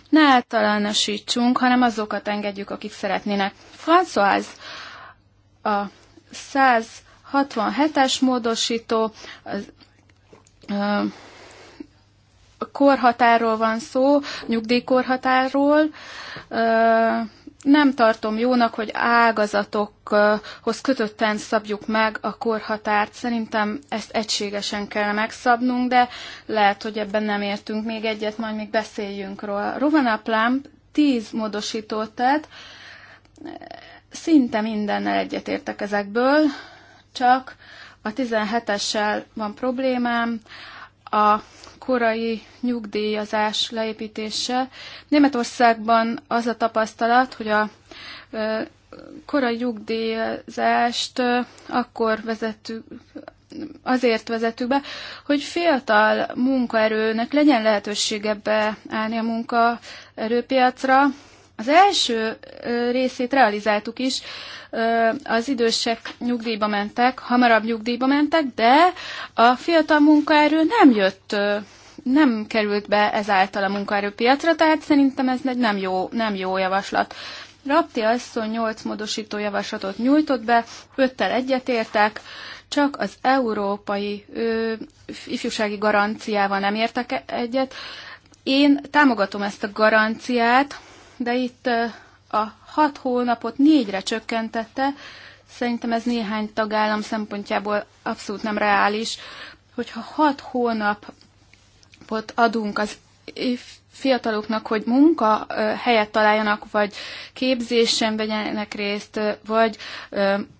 Ne általánosítsunk, hanem azokat engedjük, akik szeretnének. François, a 100 67-es módosító, korhatárról van szó, nyugdíjkorhatárról. nem tartom jónak, hogy ágazatokhoz kötötten szabjuk meg a korhatárt. Szerintem ezt egységesen kell megszabnunk, de lehet, hogy ebben nem értünk még egyet, majd még beszéljünk róla. Rovana Plump 10 módosítót tett, szinte mindennel egyetértek ezekből, csak a 17-essel van problémám, a korai nyugdíjazás leépítése. Németországban az a tapasztalat, hogy a korai nyugdíjazást akkor vezettük, azért vezettük be, hogy fiatal munkaerőnek legyen lehetősége beállni a munkaerőpiacra, az első részét realizáltuk is, az idősek nyugdíjba mentek, hamarabb nyugdíjba mentek, de a fiatal munkaerő nem jött, nem került be ezáltal a munkaerőpiacra, tehát szerintem ez egy nem jó, nem jó javaslat. Rapti asszony 8 módosító javaslatot nyújtott be, 5-tel egyetértek, csak az európai ö, ifjúsági garanciával nem értek e-, egyet. Én támogatom ezt a garanciát, de itt a hat hónapot négyre csökkentette. Szerintem ez néhány tagállam szempontjából abszolút nem reális, hogyha hat hónapot adunk az fiataloknak, hogy munka helyet találjanak, vagy képzésen vegyenek részt, vagy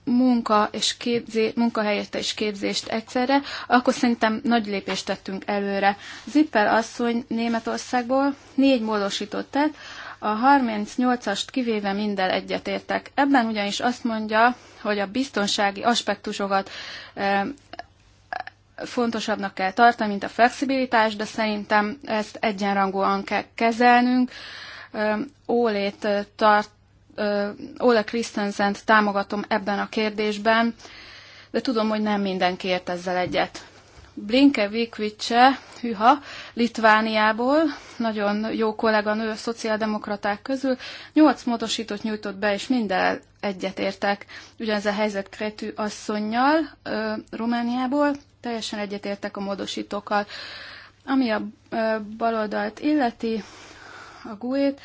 munka és képzé, munkahelyet és képzést egyszerre, akkor szerintem nagy lépést tettünk előre. Zippel asszony Németországból négy módosított tett, a 38-ast kivéve minden egyetértek. Ebben ugyanis azt mondja, hogy a biztonsági aspektusokat eh, fontosabbnak kell tartani, mint a flexibilitás, de szerintem ezt egyenrangúan kell kezelnünk. Eh, Ólét eh, tart, Ole Christensen-t támogatom ebben a kérdésben, de tudom, hogy nem mindenki ért ezzel egyet. Blinke Vikvicse, hüha, Litvániából, nagyon jó nő a szociáldemokraták közül, nyolc módosítót nyújtott be, és minden egyetértek. Ugyanez a helyzet Kretű asszonynal Romániából, teljesen egyetértek a módosítókkal. Ami a baloldalt illeti, a GUE-t,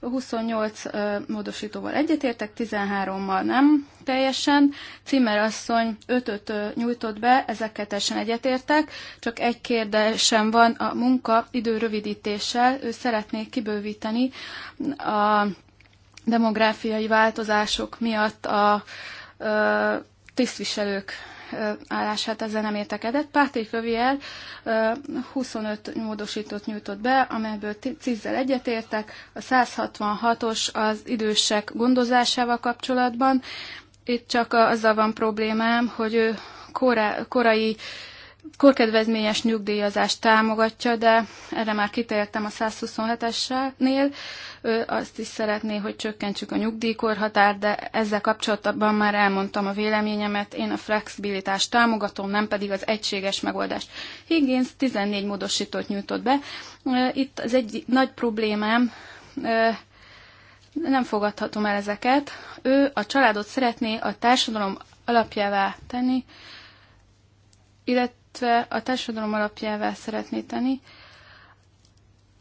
28 módosítóval egyetértek, 13-mal nem teljesen. Cimmer asszony 5-öt nyújtott be, ezekkel teljesen egyetértek. Csak egy kérdésem van a idő rövidítéssel. Ő szeretné kibővíteni a demográfiai változások miatt a tisztviselők állását ezzel nem értekedett. Pátrick Röviel 25 módosítót nyújtott be, amelyből 10 egyetértek, a 166-os az idősek gondozásával kapcsolatban. Itt csak azzal van problémám, hogy ő korai korkedvezményes nyugdíjazást támogatja, de erre már kitértem a 127-esnél. Ő azt is szeretné, hogy csökkentsük a nyugdíjkorhatár, de ezzel kapcsolatban már elmondtam a véleményemet. Én a flexibilitást támogatom, nem pedig az egységes megoldást. Higgins 14 módosítót nyújtott be. Itt az egy nagy problémám, nem fogadhatom el ezeket. Ő a családot szeretné a társadalom alapjává tenni, illetve illetve a társadalom alapjává szeretné tenni.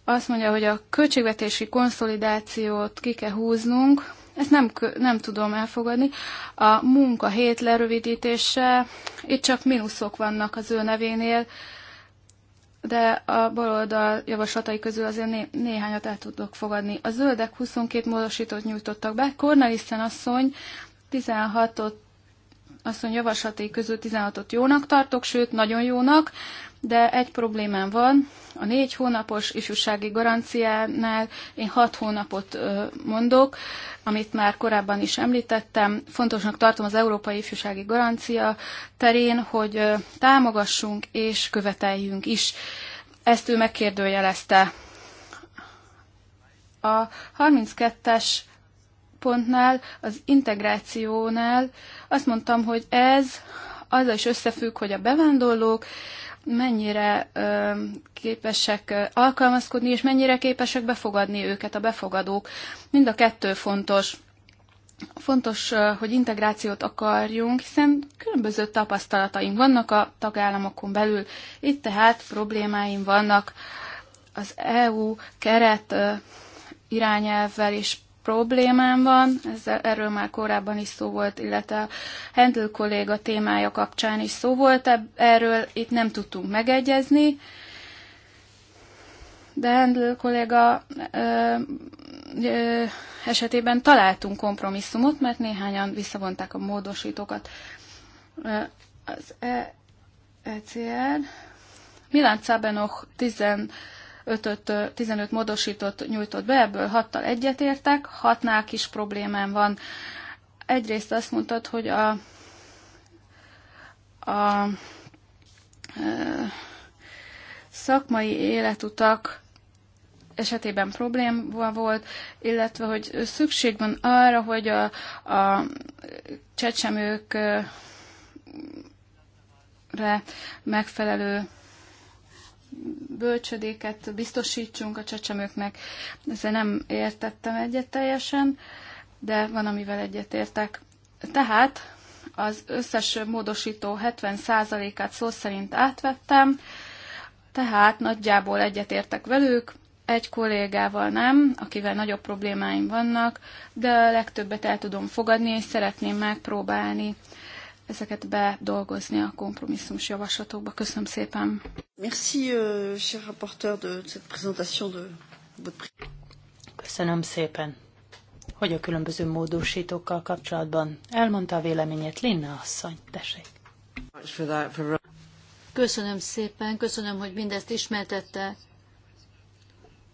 Azt mondja, hogy a költségvetési konszolidációt ki kell húznunk, ezt nem, nem tudom elfogadni. A munka hét lerövidítése, itt csak mínuszok vannak az ő nevénél, de a baloldal javaslatai közül azért né- néhányat el tudok fogadni. A zöldek 22 módosítót nyújtottak be, Cornelissen asszony 16-ot asszony javaslatai közül 16-ot jónak tartok, sőt, nagyon jónak, de egy problémám van. A négy hónapos ifjúsági garanciánál én hat hónapot mondok, amit már korábban is említettem. Fontosnak tartom az Európai Ifjúsági Garancia terén, hogy támogassunk és követeljünk is. Ezt ő megkérdőjelezte. A 32-es pontnál, az integrációnál azt mondtam, hogy ez az is összefügg, hogy a bevándorlók mennyire ö, képesek alkalmazkodni, és mennyire képesek befogadni őket a befogadók. Mind a kettő fontos. Fontos, hogy integrációt akarjunk, hiszen különböző tapasztalataink vannak a tagállamokon belül. Itt tehát problémáim vannak az EU keret irányelvvel és problémám van, Ez erről már korábban is szó volt, illetve a Hendl kolléga témája kapcsán is szó volt, erről itt nem tudtunk megegyezni, de Hendl kolléga ö, ö, esetében találtunk kompromisszumot, mert néhányan visszavonták a módosítókat. Az e ECR Milan Cabenok 10 5 15 módosított nyújtott be, ebből 6-tal egyetértek, 6-nál kis problémám van. Egyrészt azt mondtad, hogy a, a szakmai életutak esetében probléma volt, illetve hogy szükség van arra, hogy a, a csecsemőkre megfelelő bölcsödéket biztosítsunk a csecsemőknek. Ezzel nem értettem egyet teljesen, de van, amivel egyetértek. Tehát az összes módosító 70%-át szó szerint átvettem, tehát nagyjából egyetértek velük, egy kollégával nem, akivel nagyobb problémáim vannak, de a legtöbbet el tudom fogadni, és szeretném megpróbálni ezeket bedolgozni a kompromisszumos javaslatokba. Köszönöm szépen. Merci, euh, cher rapporteur, de cette présentation de votre... Köszönöm szépen, hogy a különböző módosítókkal kapcsolatban elmondta a véleményét Linna asszony. Tessék. Köszönöm szépen, köszönöm, hogy mindezt ismertette.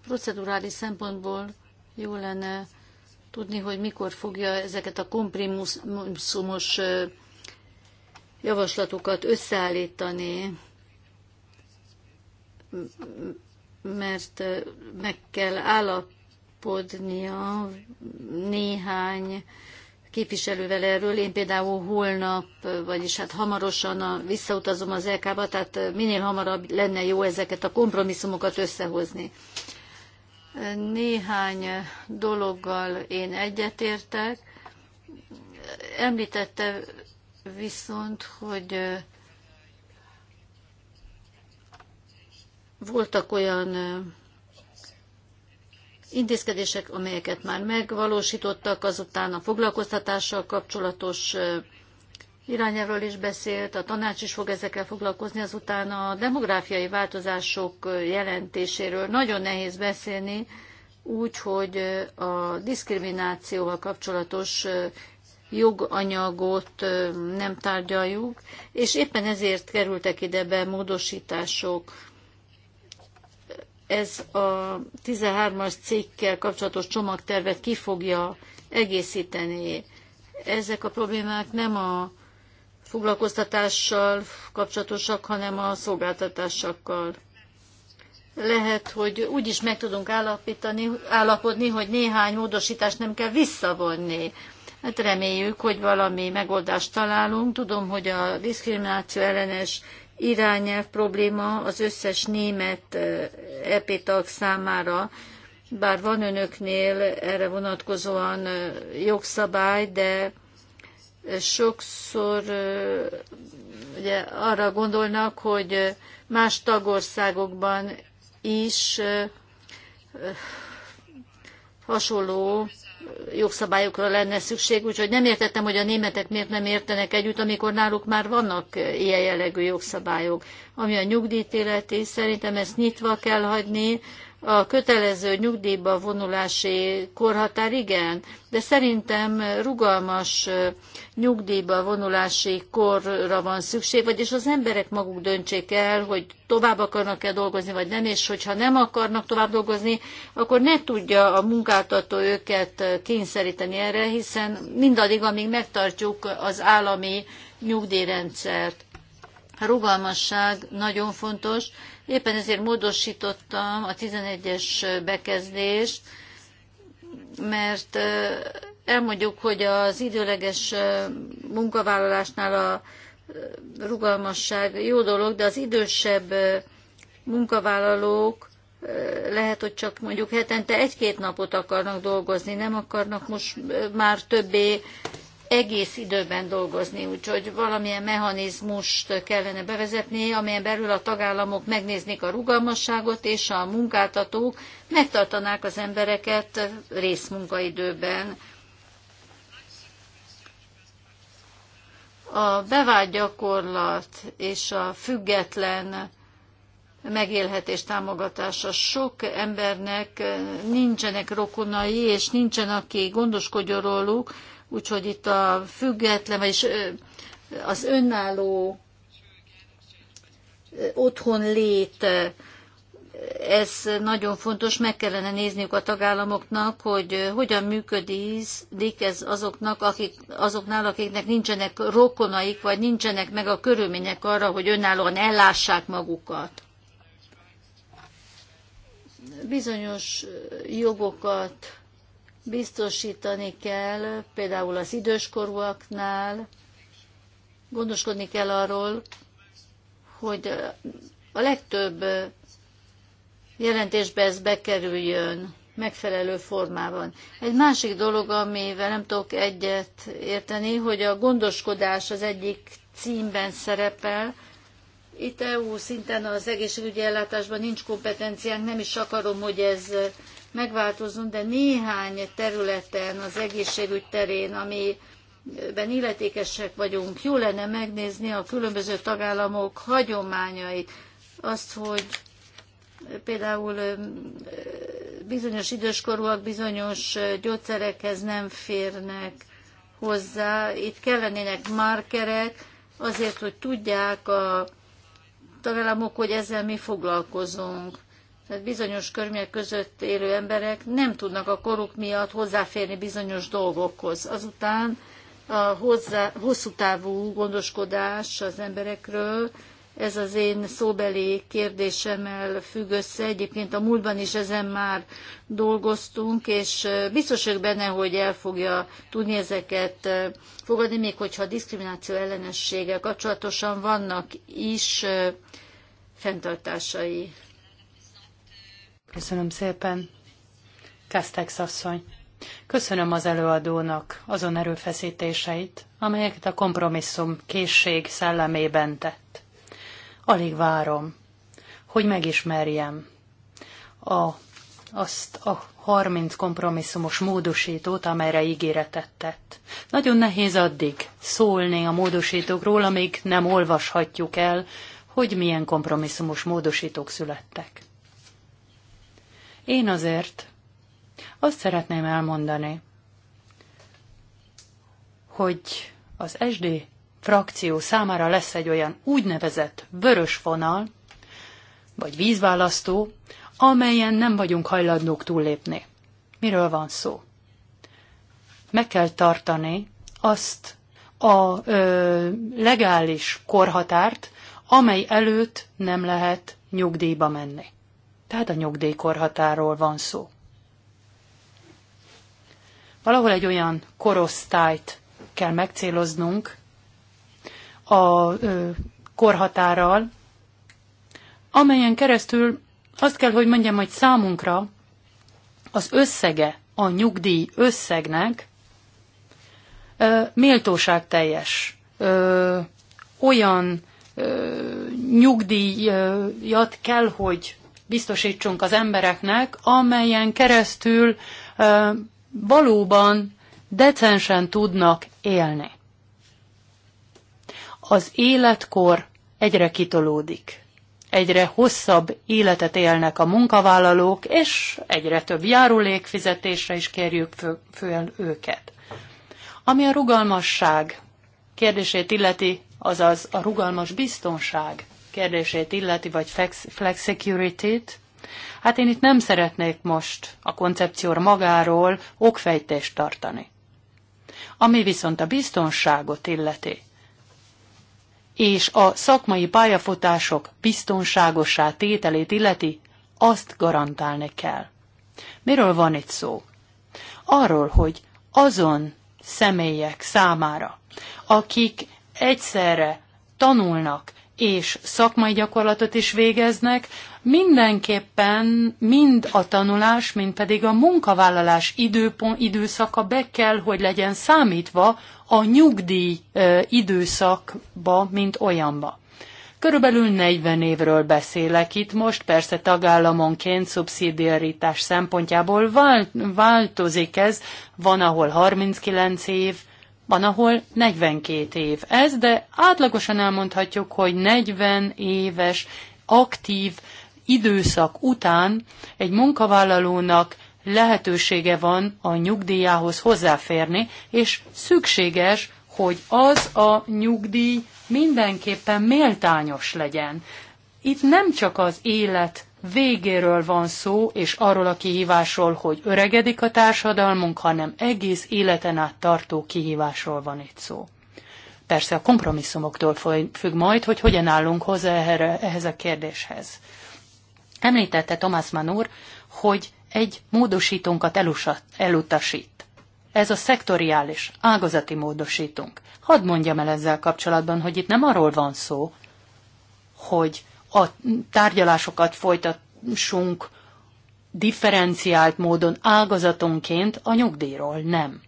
Procedurális szempontból jó lenne tudni, hogy mikor fogja ezeket a kompromisszumos javaslatukat összeállítani, mert meg kell állapodnia néhány képviselővel erről. Én például holnap, vagyis hát hamarosan visszautazom az LK-ba, tehát minél hamarabb lenne jó ezeket a kompromisszumokat összehozni. Néhány dologgal én egyetértek. Említette viszont, hogy voltak olyan intézkedések, amelyeket már megvalósítottak, azután a foglalkoztatással kapcsolatos irányáról is beszélt, a tanács is fog ezekkel foglalkozni, azután a demográfiai változások jelentéséről nagyon nehéz beszélni, úgy, hogy a diszkriminációval kapcsolatos joganyagot nem tárgyaljuk, és éppen ezért kerültek ide be módosítások. Ez a 13-as cikkkel kapcsolatos csomagtervet ki fogja egészíteni. Ezek a problémák nem a foglalkoztatással kapcsolatosak, hanem a szolgáltatásokkal. Lehet, hogy úgy is meg tudunk állapítani, állapodni, hogy néhány módosítást nem kell visszavonni. Hát reméljük, hogy valami megoldást találunk. Tudom, hogy a diszkrimináció ellenes irányelv probléma az összes német EP tag számára, bár van önöknél erre vonatkozóan jogszabály, de sokszor ugye, arra gondolnak, hogy más tagországokban is hasonló jogszabályokra lenne szükség, úgyhogy nem értettem, hogy a németek miért nem értenek együtt, amikor náluk már vannak ilyen jellegű jogszabályok. Ami a nyugdíjt illeti, szerintem ezt nyitva kell hagyni, a kötelező nyugdíjba vonulási korhatár igen, de szerintem rugalmas nyugdíjba vonulási korra van szükség, vagyis az emberek maguk döntsék el, hogy tovább akarnak-e dolgozni, vagy nem, és hogyha nem akarnak tovább dolgozni, akkor ne tudja a munkáltató őket kényszeríteni erre, hiszen mindaddig, amíg megtartjuk az állami nyugdíjrendszert. A rugalmasság nagyon fontos, Éppen ezért módosítottam a 11-es bekezdést, mert elmondjuk, hogy az időleges munkavállalásnál a rugalmasság jó dolog, de az idősebb munkavállalók lehet, hogy csak mondjuk hetente egy-két napot akarnak dolgozni, nem akarnak most már többé egész időben dolgozni, úgyhogy valamilyen mechanizmust kellene bevezetni, amelyen belül a tagállamok megnéznék a rugalmasságot, és a munkáltatók megtartanák az embereket részmunkaidőben. A bevált gyakorlat és a független megélhetés támogatása. Sok embernek nincsenek rokonai, és nincsen, aki gondoskodjon róluk, úgyhogy itt a független, vagyis az önálló otthon lét, ez nagyon fontos, meg kellene nézniük a tagállamoknak, hogy hogyan működik ez azoknak, akik, azoknál, akiknek nincsenek rokonaik, vagy nincsenek meg a körülmények arra, hogy önállóan ellássák magukat bizonyos jogokat biztosítani kell, például az időskorúaknál, gondoskodni kell arról, hogy a legtöbb jelentésbe ez bekerüljön megfelelő formában. Egy másik dolog, amivel nem tudok egyet érteni, hogy a gondoskodás az egyik címben szerepel, itt EU szinten az egészségügyi ellátásban nincs kompetenciánk, nem is akarom, hogy ez megváltozzon, de néhány területen az egészségügy terén, amiben illetékesek vagyunk, jó lenne megnézni a különböző tagállamok hagyományait, azt, hogy például bizonyos időskorúak bizonyos gyógyszerekhez nem férnek hozzá. Itt kellenének markerek, azért, hogy tudják a tagállamok, hogy ezzel mi foglalkozunk. Tehát bizonyos körmények között élő emberek nem tudnak a koruk miatt hozzáférni bizonyos dolgokhoz. Azután a hozzá, hosszú távú gondoskodás az emberekről, ez az én szóbeli kérdésemmel függ össze. Egyébként a múltban is ezen már dolgoztunk, és biztos vagyok benne, hogy el fogja tudni ezeket fogadni, még hogyha a diszkrimináció ellenességgel kapcsolatosan vannak is fenntartásai. Köszönöm szépen. Kastex asszony. Köszönöm az előadónak azon erőfeszítéseit, amelyeket a kompromisszum készség szellemében tett. Alig várom, hogy megismerjem a, azt a 30 kompromisszumos módosítót, amelyre ígéretet tett. Nagyon nehéz addig szólni a módosítókról, amíg nem olvashatjuk el, hogy milyen kompromisszumos módosítók születtek. Én azért azt szeretném elmondani, hogy az SD frakció számára lesz egy olyan úgynevezett vörös vonal, vagy vízválasztó, amelyen nem vagyunk hajlandók túllépni. Miről van szó? Meg kell tartani azt a ö, legális korhatárt, amely előtt nem lehet nyugdíjba menni. Tehát a nyugdíjkorhatáról van szó. Valahol egy olyan korosztályt kell megcéloznunk, a korhatárral, amelyen keresztül azt kell, hogy mondjam, hogy számunkra az összege a nyugdíj összegnek méltóságteljes, olyan nyugdíjat kell, hogy biztosítsunk az embereknek, amelyen keresztül valóban decensen tudnak élni az életkor egyre kitolódik. Egyre hosszabb életet élnek a munkavállalók, és egyre több járulékfizetésre is kérjük föl őket. Ami a rugalmasság kérdését illeti, azaz a rugalmas biztonság kérdését illeti, vagy flex security-t, hát én itt nem szeretnék most a koncepcióra magáról okfejtést tartani. Ami viszont a biztonságot illeti, és a szakmai pályafutások biztonságosá tételét illeti, azt garantálni kell. Miről van itt szó? Arról, hogy azon személyek számára, akik egyszerre tanulnak és szakmai gyakorlatot is végeznek, mindenképpen mind a tanulás, mind pedig a munkavállalás időpont, időszaka be kell, hogy legyen számítva a nyugdíj időszakba, mint olyanba. Körülbelül 40 évről beszélek itt most, persze tagállamonként szubszidiaritás szempontjából változik ez, van, ahol 39 év, van, ahol 42 év ez, de átlagosan elmondhatjuk, hogy 40 éves aktív időszak után egy munkavállalónak lehetősége van a nyugdíjához hozzáférni, és szükséges, hogy az a nyugdíj mindenképpen méltányos legyen. Itt nem csak az élet végéről van szó, és arról a kihívásról, hogy öregedik a társadalmunk, hanem egész életen át tartó kihívásról van itt szó. Persze a kompromisszumoktól függ majd, hogy hogyan állunk hozzá ehhez a kérdéshez. Említette Thomas Manur, hogy egy módosítónkat elutasít. Ez a szektoriális, ágazati módosítunk. Hadd mondjam el ezzel kapcsolatban, hogy itt nem arról van szó, hogy a tárgyalásokat folytassunk differenciált módon ágazatonként a nyugdíjról nem.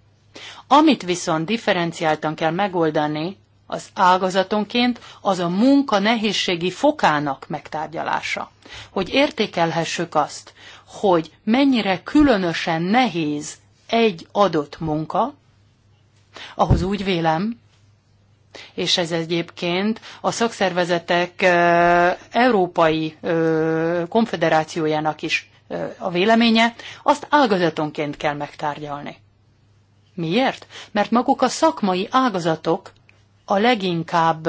Amit viszont differenciáltan kell megoldani az ágazatonként, az a munka nehézségi fokának megtárgyalása. Hogy értékelhessük azt, hogy mennyire különösen nehéz egy adott munka, ahhoz úgy vélem, és ez egyébként a szakszervezetek európai konfederációjának is a véleménye, azt ágazatonként kell megtárgyalni. Miért? Mert maguk a szakmai ágazatok a leginkább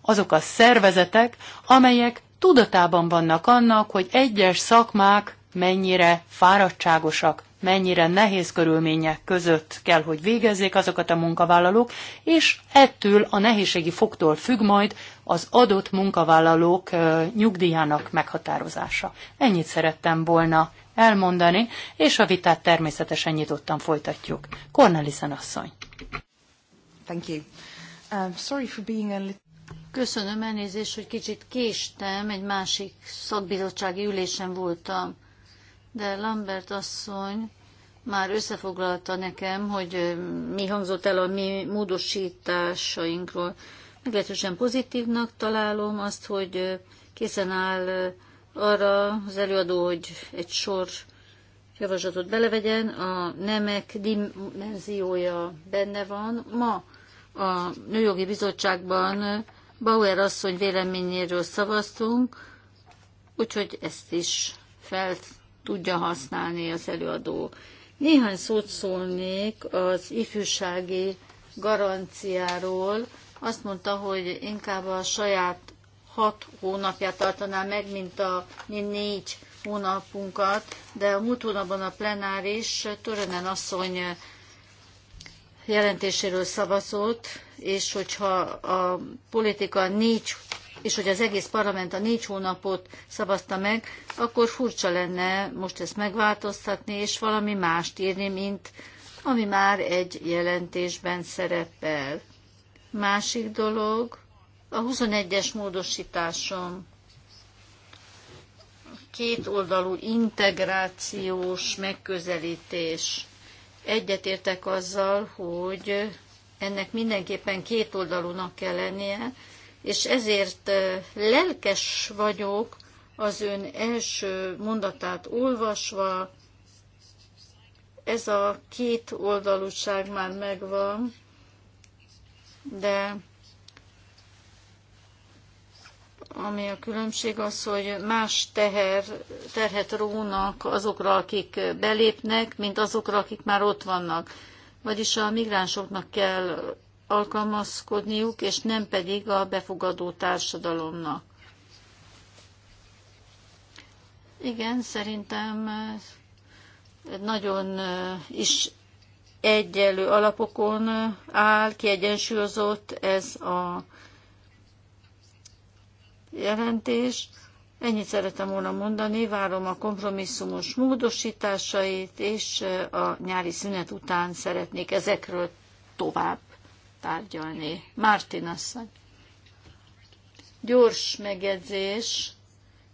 azok a szervezetek, amelyek tudatában vannak annak, hogy egyes szakmák mennyire fáradtságosak, mennyire nehéz körülmények között kell, hogy végezzék azokat a munkavállalók, és ettől a nehézségi foktól függ majd az adott munkavállalók nyugdíjának meghatározása. Ennyit szerettem volna elmondani, és a vitát természetesen nyitottan folytatjuk. Kornelisen asszony. Thank you. Um, sorry for being a little... Köszönöm elnézést, hogy kicsit késtem, egy másik szakbizottsági ülésen voltam de Lambert asszony már összefoglalta nekem, hogy mi hangzott el a mi módosításainkról. Meglehetősen pozitívnak találom azt, hogy készen áll arra az előadó, hogy egy sor javaslatot belevegyen, a nemek dimenziója benne van. Ma a Nőjogi Bizottságban Bauer asszony véleményéről szavaztunk, úgyhogy ezt is felt tudja használni az előadó. Néhány szót szólnék az ifjúsági garanciáról. Azt mondta, hogy inkább a saját hat hónapját tartaná meg, mint a mi négy hónapunkat, de a múlt hónapban a plenáris Törönen asszony jelentéséről szavazott, és hogyha a politika négy és hogy az egész parlament a négy hónapot szavazta meg, akkor furcsa lenne most ezt megváltoztatni, és valami mást írni, mint ami már egy jelentésben szerepel. Másik dolog, a 21-es módosításom kétoldalú integrációs megközelítés. Egyetértek azzal, hogy ennek mindenképpen oldalúnak kell lennie, és ezért lelkes vagyok az ön első mondatát olvasva, ez a két oldalúság már megvan, de ami a különbség az, hogy más teher, terhet rónak azokra, akik belépnek, mint azokra, akik már ott vannak. Vagyis a migránsoknak kell alkalmazkodniuk, és nem pedig a befogadó társadalomnak. Igen, szerintem nagyon is egyenlő alapokon áll, kiegyensúlyozott ez a jelentés. Ennyit szeretem volna mondani, várom a kompromisszumos módosításait, és a nyári szünet után szeretnék ezekről tovább tárgyalni. Mártin asszony. Gyors megjegyzés.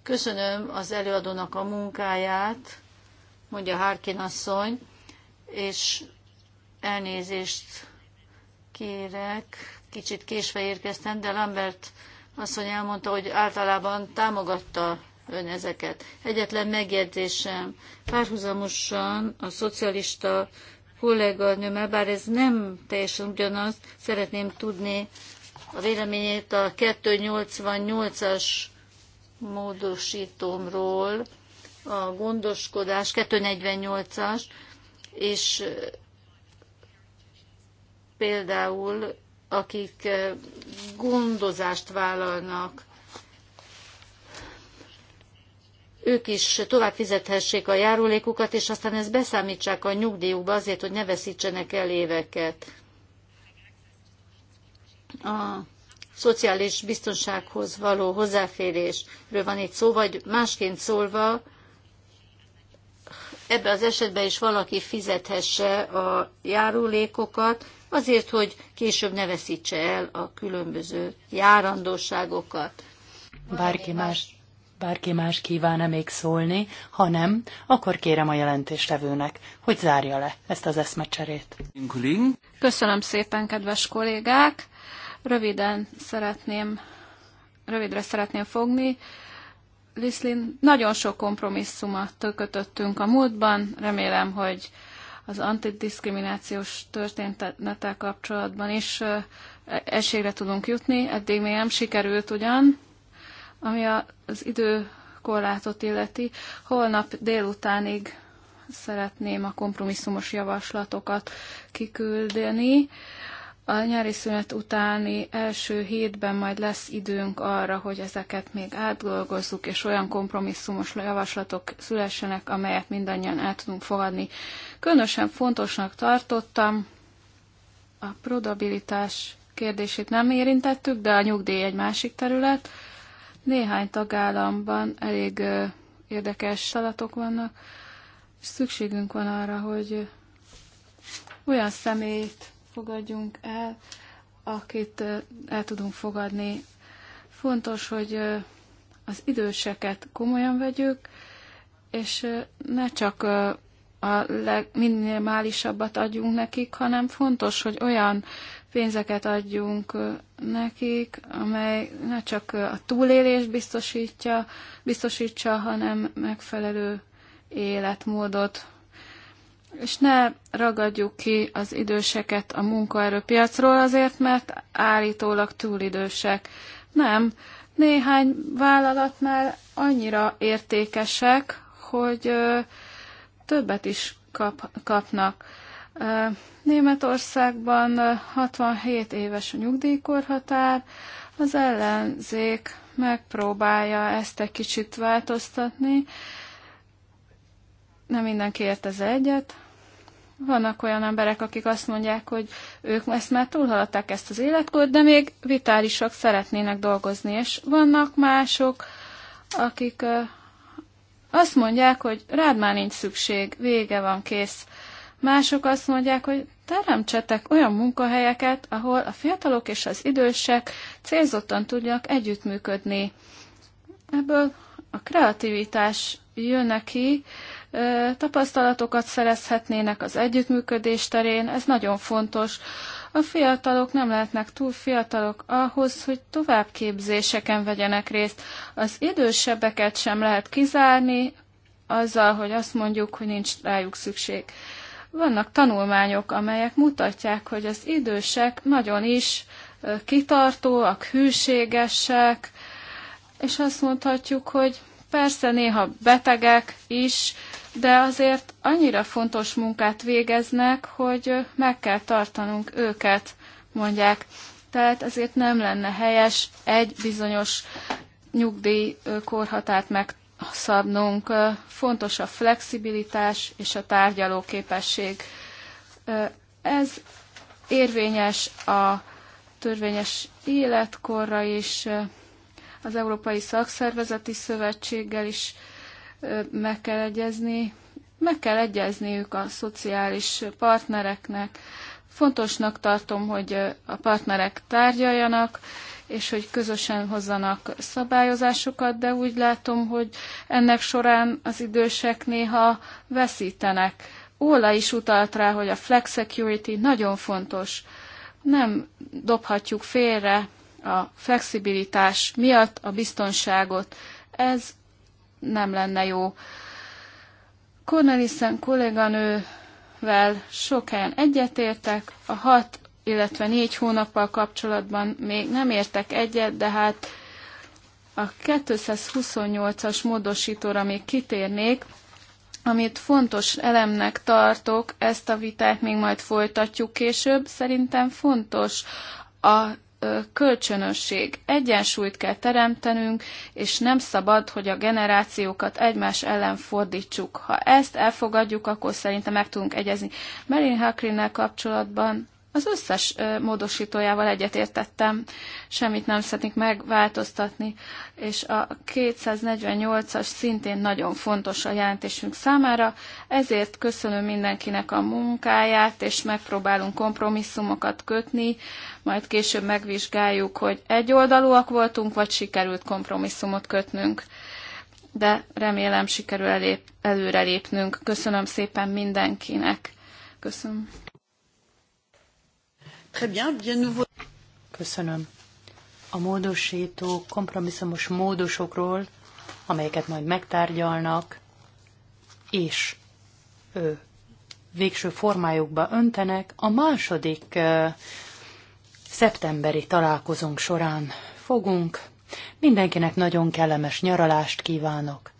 Köszönöm az előadónak a munkáját, mondja Harkin asszony, és elnézést kérek. Kicsit késve érkeztem, de Lambert asszony elmondta, hogy általában támogatta ön ezeket. Egyetlen megjegyzésem. Párhuzamosan a szocialista kolléganőmmel, bár ez nem teljesen ugyanaz, szeretném tudni a véleményét a 288-as módosítómról, a gondoskodás 248-as, és például akik gondozást vállalnak ők is tovább fizethessék a járulékukat, és aztán ezt beszámítsák a nyugdíjukba azért, hogy ne veszítsenek el éveket. A szociális biztonsághoz való hozzáférésről van itt szó, vagy másként szólva, ebbe az esetben is valaki fizethesse a járulékokat, azért, hogy később ne veszítse el a különböző járandóságokat. Bárki más bárki más kíván-e még szólni, ha nem, akkor kérem a jelentéstevőnek, hogy zárja le ezt az eszmecserét. Köszönöm szépen, kedves kollégák! Röviden szeretném, rövidre szeretném fogni. Liszlin, nagyon sok kompromisszumot kötöttünk a múltban, remélem, hogy az antidiszkriminációs történetek kapcsolatban is esélyre tudunk jutni. Eddig még nem sikerült ugyan, ami az időkorlátot illeti, holnap délutánig szeretném a kompromisszumos javaslatokat kiküldeni. A nyári szünet utáni első hétben majd lesz időnk arra, hogy ezeket még átdolgozzuk, és olyan kompromisszumos javaslatok szülessenek, amelyet mindannyian el tudunk fogadni. Különösen fontosnak tartottam a probabilitás kérdését nem érintettük, de a nyugdíj egy másik terület. Néhány tagállamban elég érdekes salatok vannak, és szükségünk van arra, hogy olyan személyt fogadjunk el, akit el tudunk fogadni. Fontos, hogy az időseket komolyan vegyük, és ne csak a legminimálisabbat minimálisabbat adjunk nekik, hanem fontos, hogy olyan pénzeket adjunk nekik, amely ne csak a túlélést biztosítja, biztosítsa, hanem megfelelő életmódot. És ne ragadjuk ki az időseket a munkaerőpiacról azért, mert állítólag túlidősek. Nem, néhány vállalatnál annyira értékesek, hogy többet is kap, kapnak. Németországban 67 éves a nyugdíjkorhatár, az ellenzék megpróbálja ezt egy kicsit változtatni. Nem mindenki ért ez egyet. Vannak olyan emberek, akik azt mondják, hogy ők ezt már túlhaladták ezt az életkort, de még vitálisak szeretnének dolgozni, és vannak mások, akik azt mondják, hogy rád már nincs szükség, vége van, kész Mások azt mondják, hogy teremtsetek olyan munkahelyeket, ahol a fiatalok és az idősek célzottan tudjak együttműködni. Ebből a kreativitás jön neki, tapasztalatokat szerezhetnének az együttműködés terén, ez nagyon fontos. A fiatalok nem lehetnek túl fiatalok ahhoz, hogy továbbképzéseken vegyenek részt. Az idősebbeket sem lehet kizárni azzal, hogy azt mondjuk, hogy nincs rájuk szükség. Vannak tanulmányok, amelyek mutatják, hogy az idősek nagyon is kitartóak, hűségesek, és azt mondhatjuk, hogy persze néha betegek is, de azért annyira fontos munkát végeznek, hogy meg kell tartanunk őket, mondják. Tehát ezért nem lenne helyes egy bizonyos nyugdíjkorhatárt meg szabnunk. Fontos a flexibilitás és a tárgyalóképesség. Ez érvényes a törvényes életkorra is, az Európai Szakszervezeti Szövetséggel is meg kell egyezni, meg kell egyezniük a szociális partnereknek. Fontosnak tartom, hogy a partnerek tárgyaljanak, és hogy közösen hozzanak szabályozásokat, de úgy látom, hogy ennek során az idősek néha veszítenek. Óla is utalt rá, hogy a flex security nagyon fontos. Nem dobhatjuk félre a flexibilitás miatt a biztonságot. Ez nem lenne jó. Cornelissen kolléganővel sok helyen egyetértek, a hat illetve négy hónappal kapcsolatban még nem értek egyet, de hát a 228-as módosítóra még kitérnék, amit fontos elemnek tartok, ezt a vitát még majd folytatjuk később. Szerintem fontos a kölcsönösség. Egyensúlyt kell teremtenünk, és nem szabad, hogy a generációkat egymás ellen fordítsuk. Ha ezt elfogadjuk, akkor szerintem meg tudunk egyezni. Merin Hakrinnel kapcsolatban az összes módosítójával egyetértettem, semmit nem szeretnék megváltoztatni, és a 248-as szintén nagyon fontos a jelentésünk számára, ezért köszönöm mindenkinek a munkáját, és megpróbálunk kompromisszumokat kötni, majd később megvizsgáljuk, hogy egyoldalúak voltunk, vagy sikerült kompromisszumot kötnünk de remélem sikerül előrelépnünk. Köszönöm szépen mindenkinek. Köszönöm. Très bien, bien nouveau. Köszönöm. A módosító kompromisszumos módosokról, amelyeket majd megtárgyalnak, és ö, végső formájukba öntenek, a második ö, szeptemberi találkozónk során fogunk. Mindenkinek nagyon kellemes nyaralást kívánok,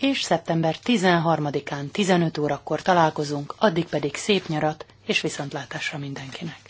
és szeptember 13-án 15 órakor találkozunk, addig pedig szép nyarat és viszontlátásra mindenkinek.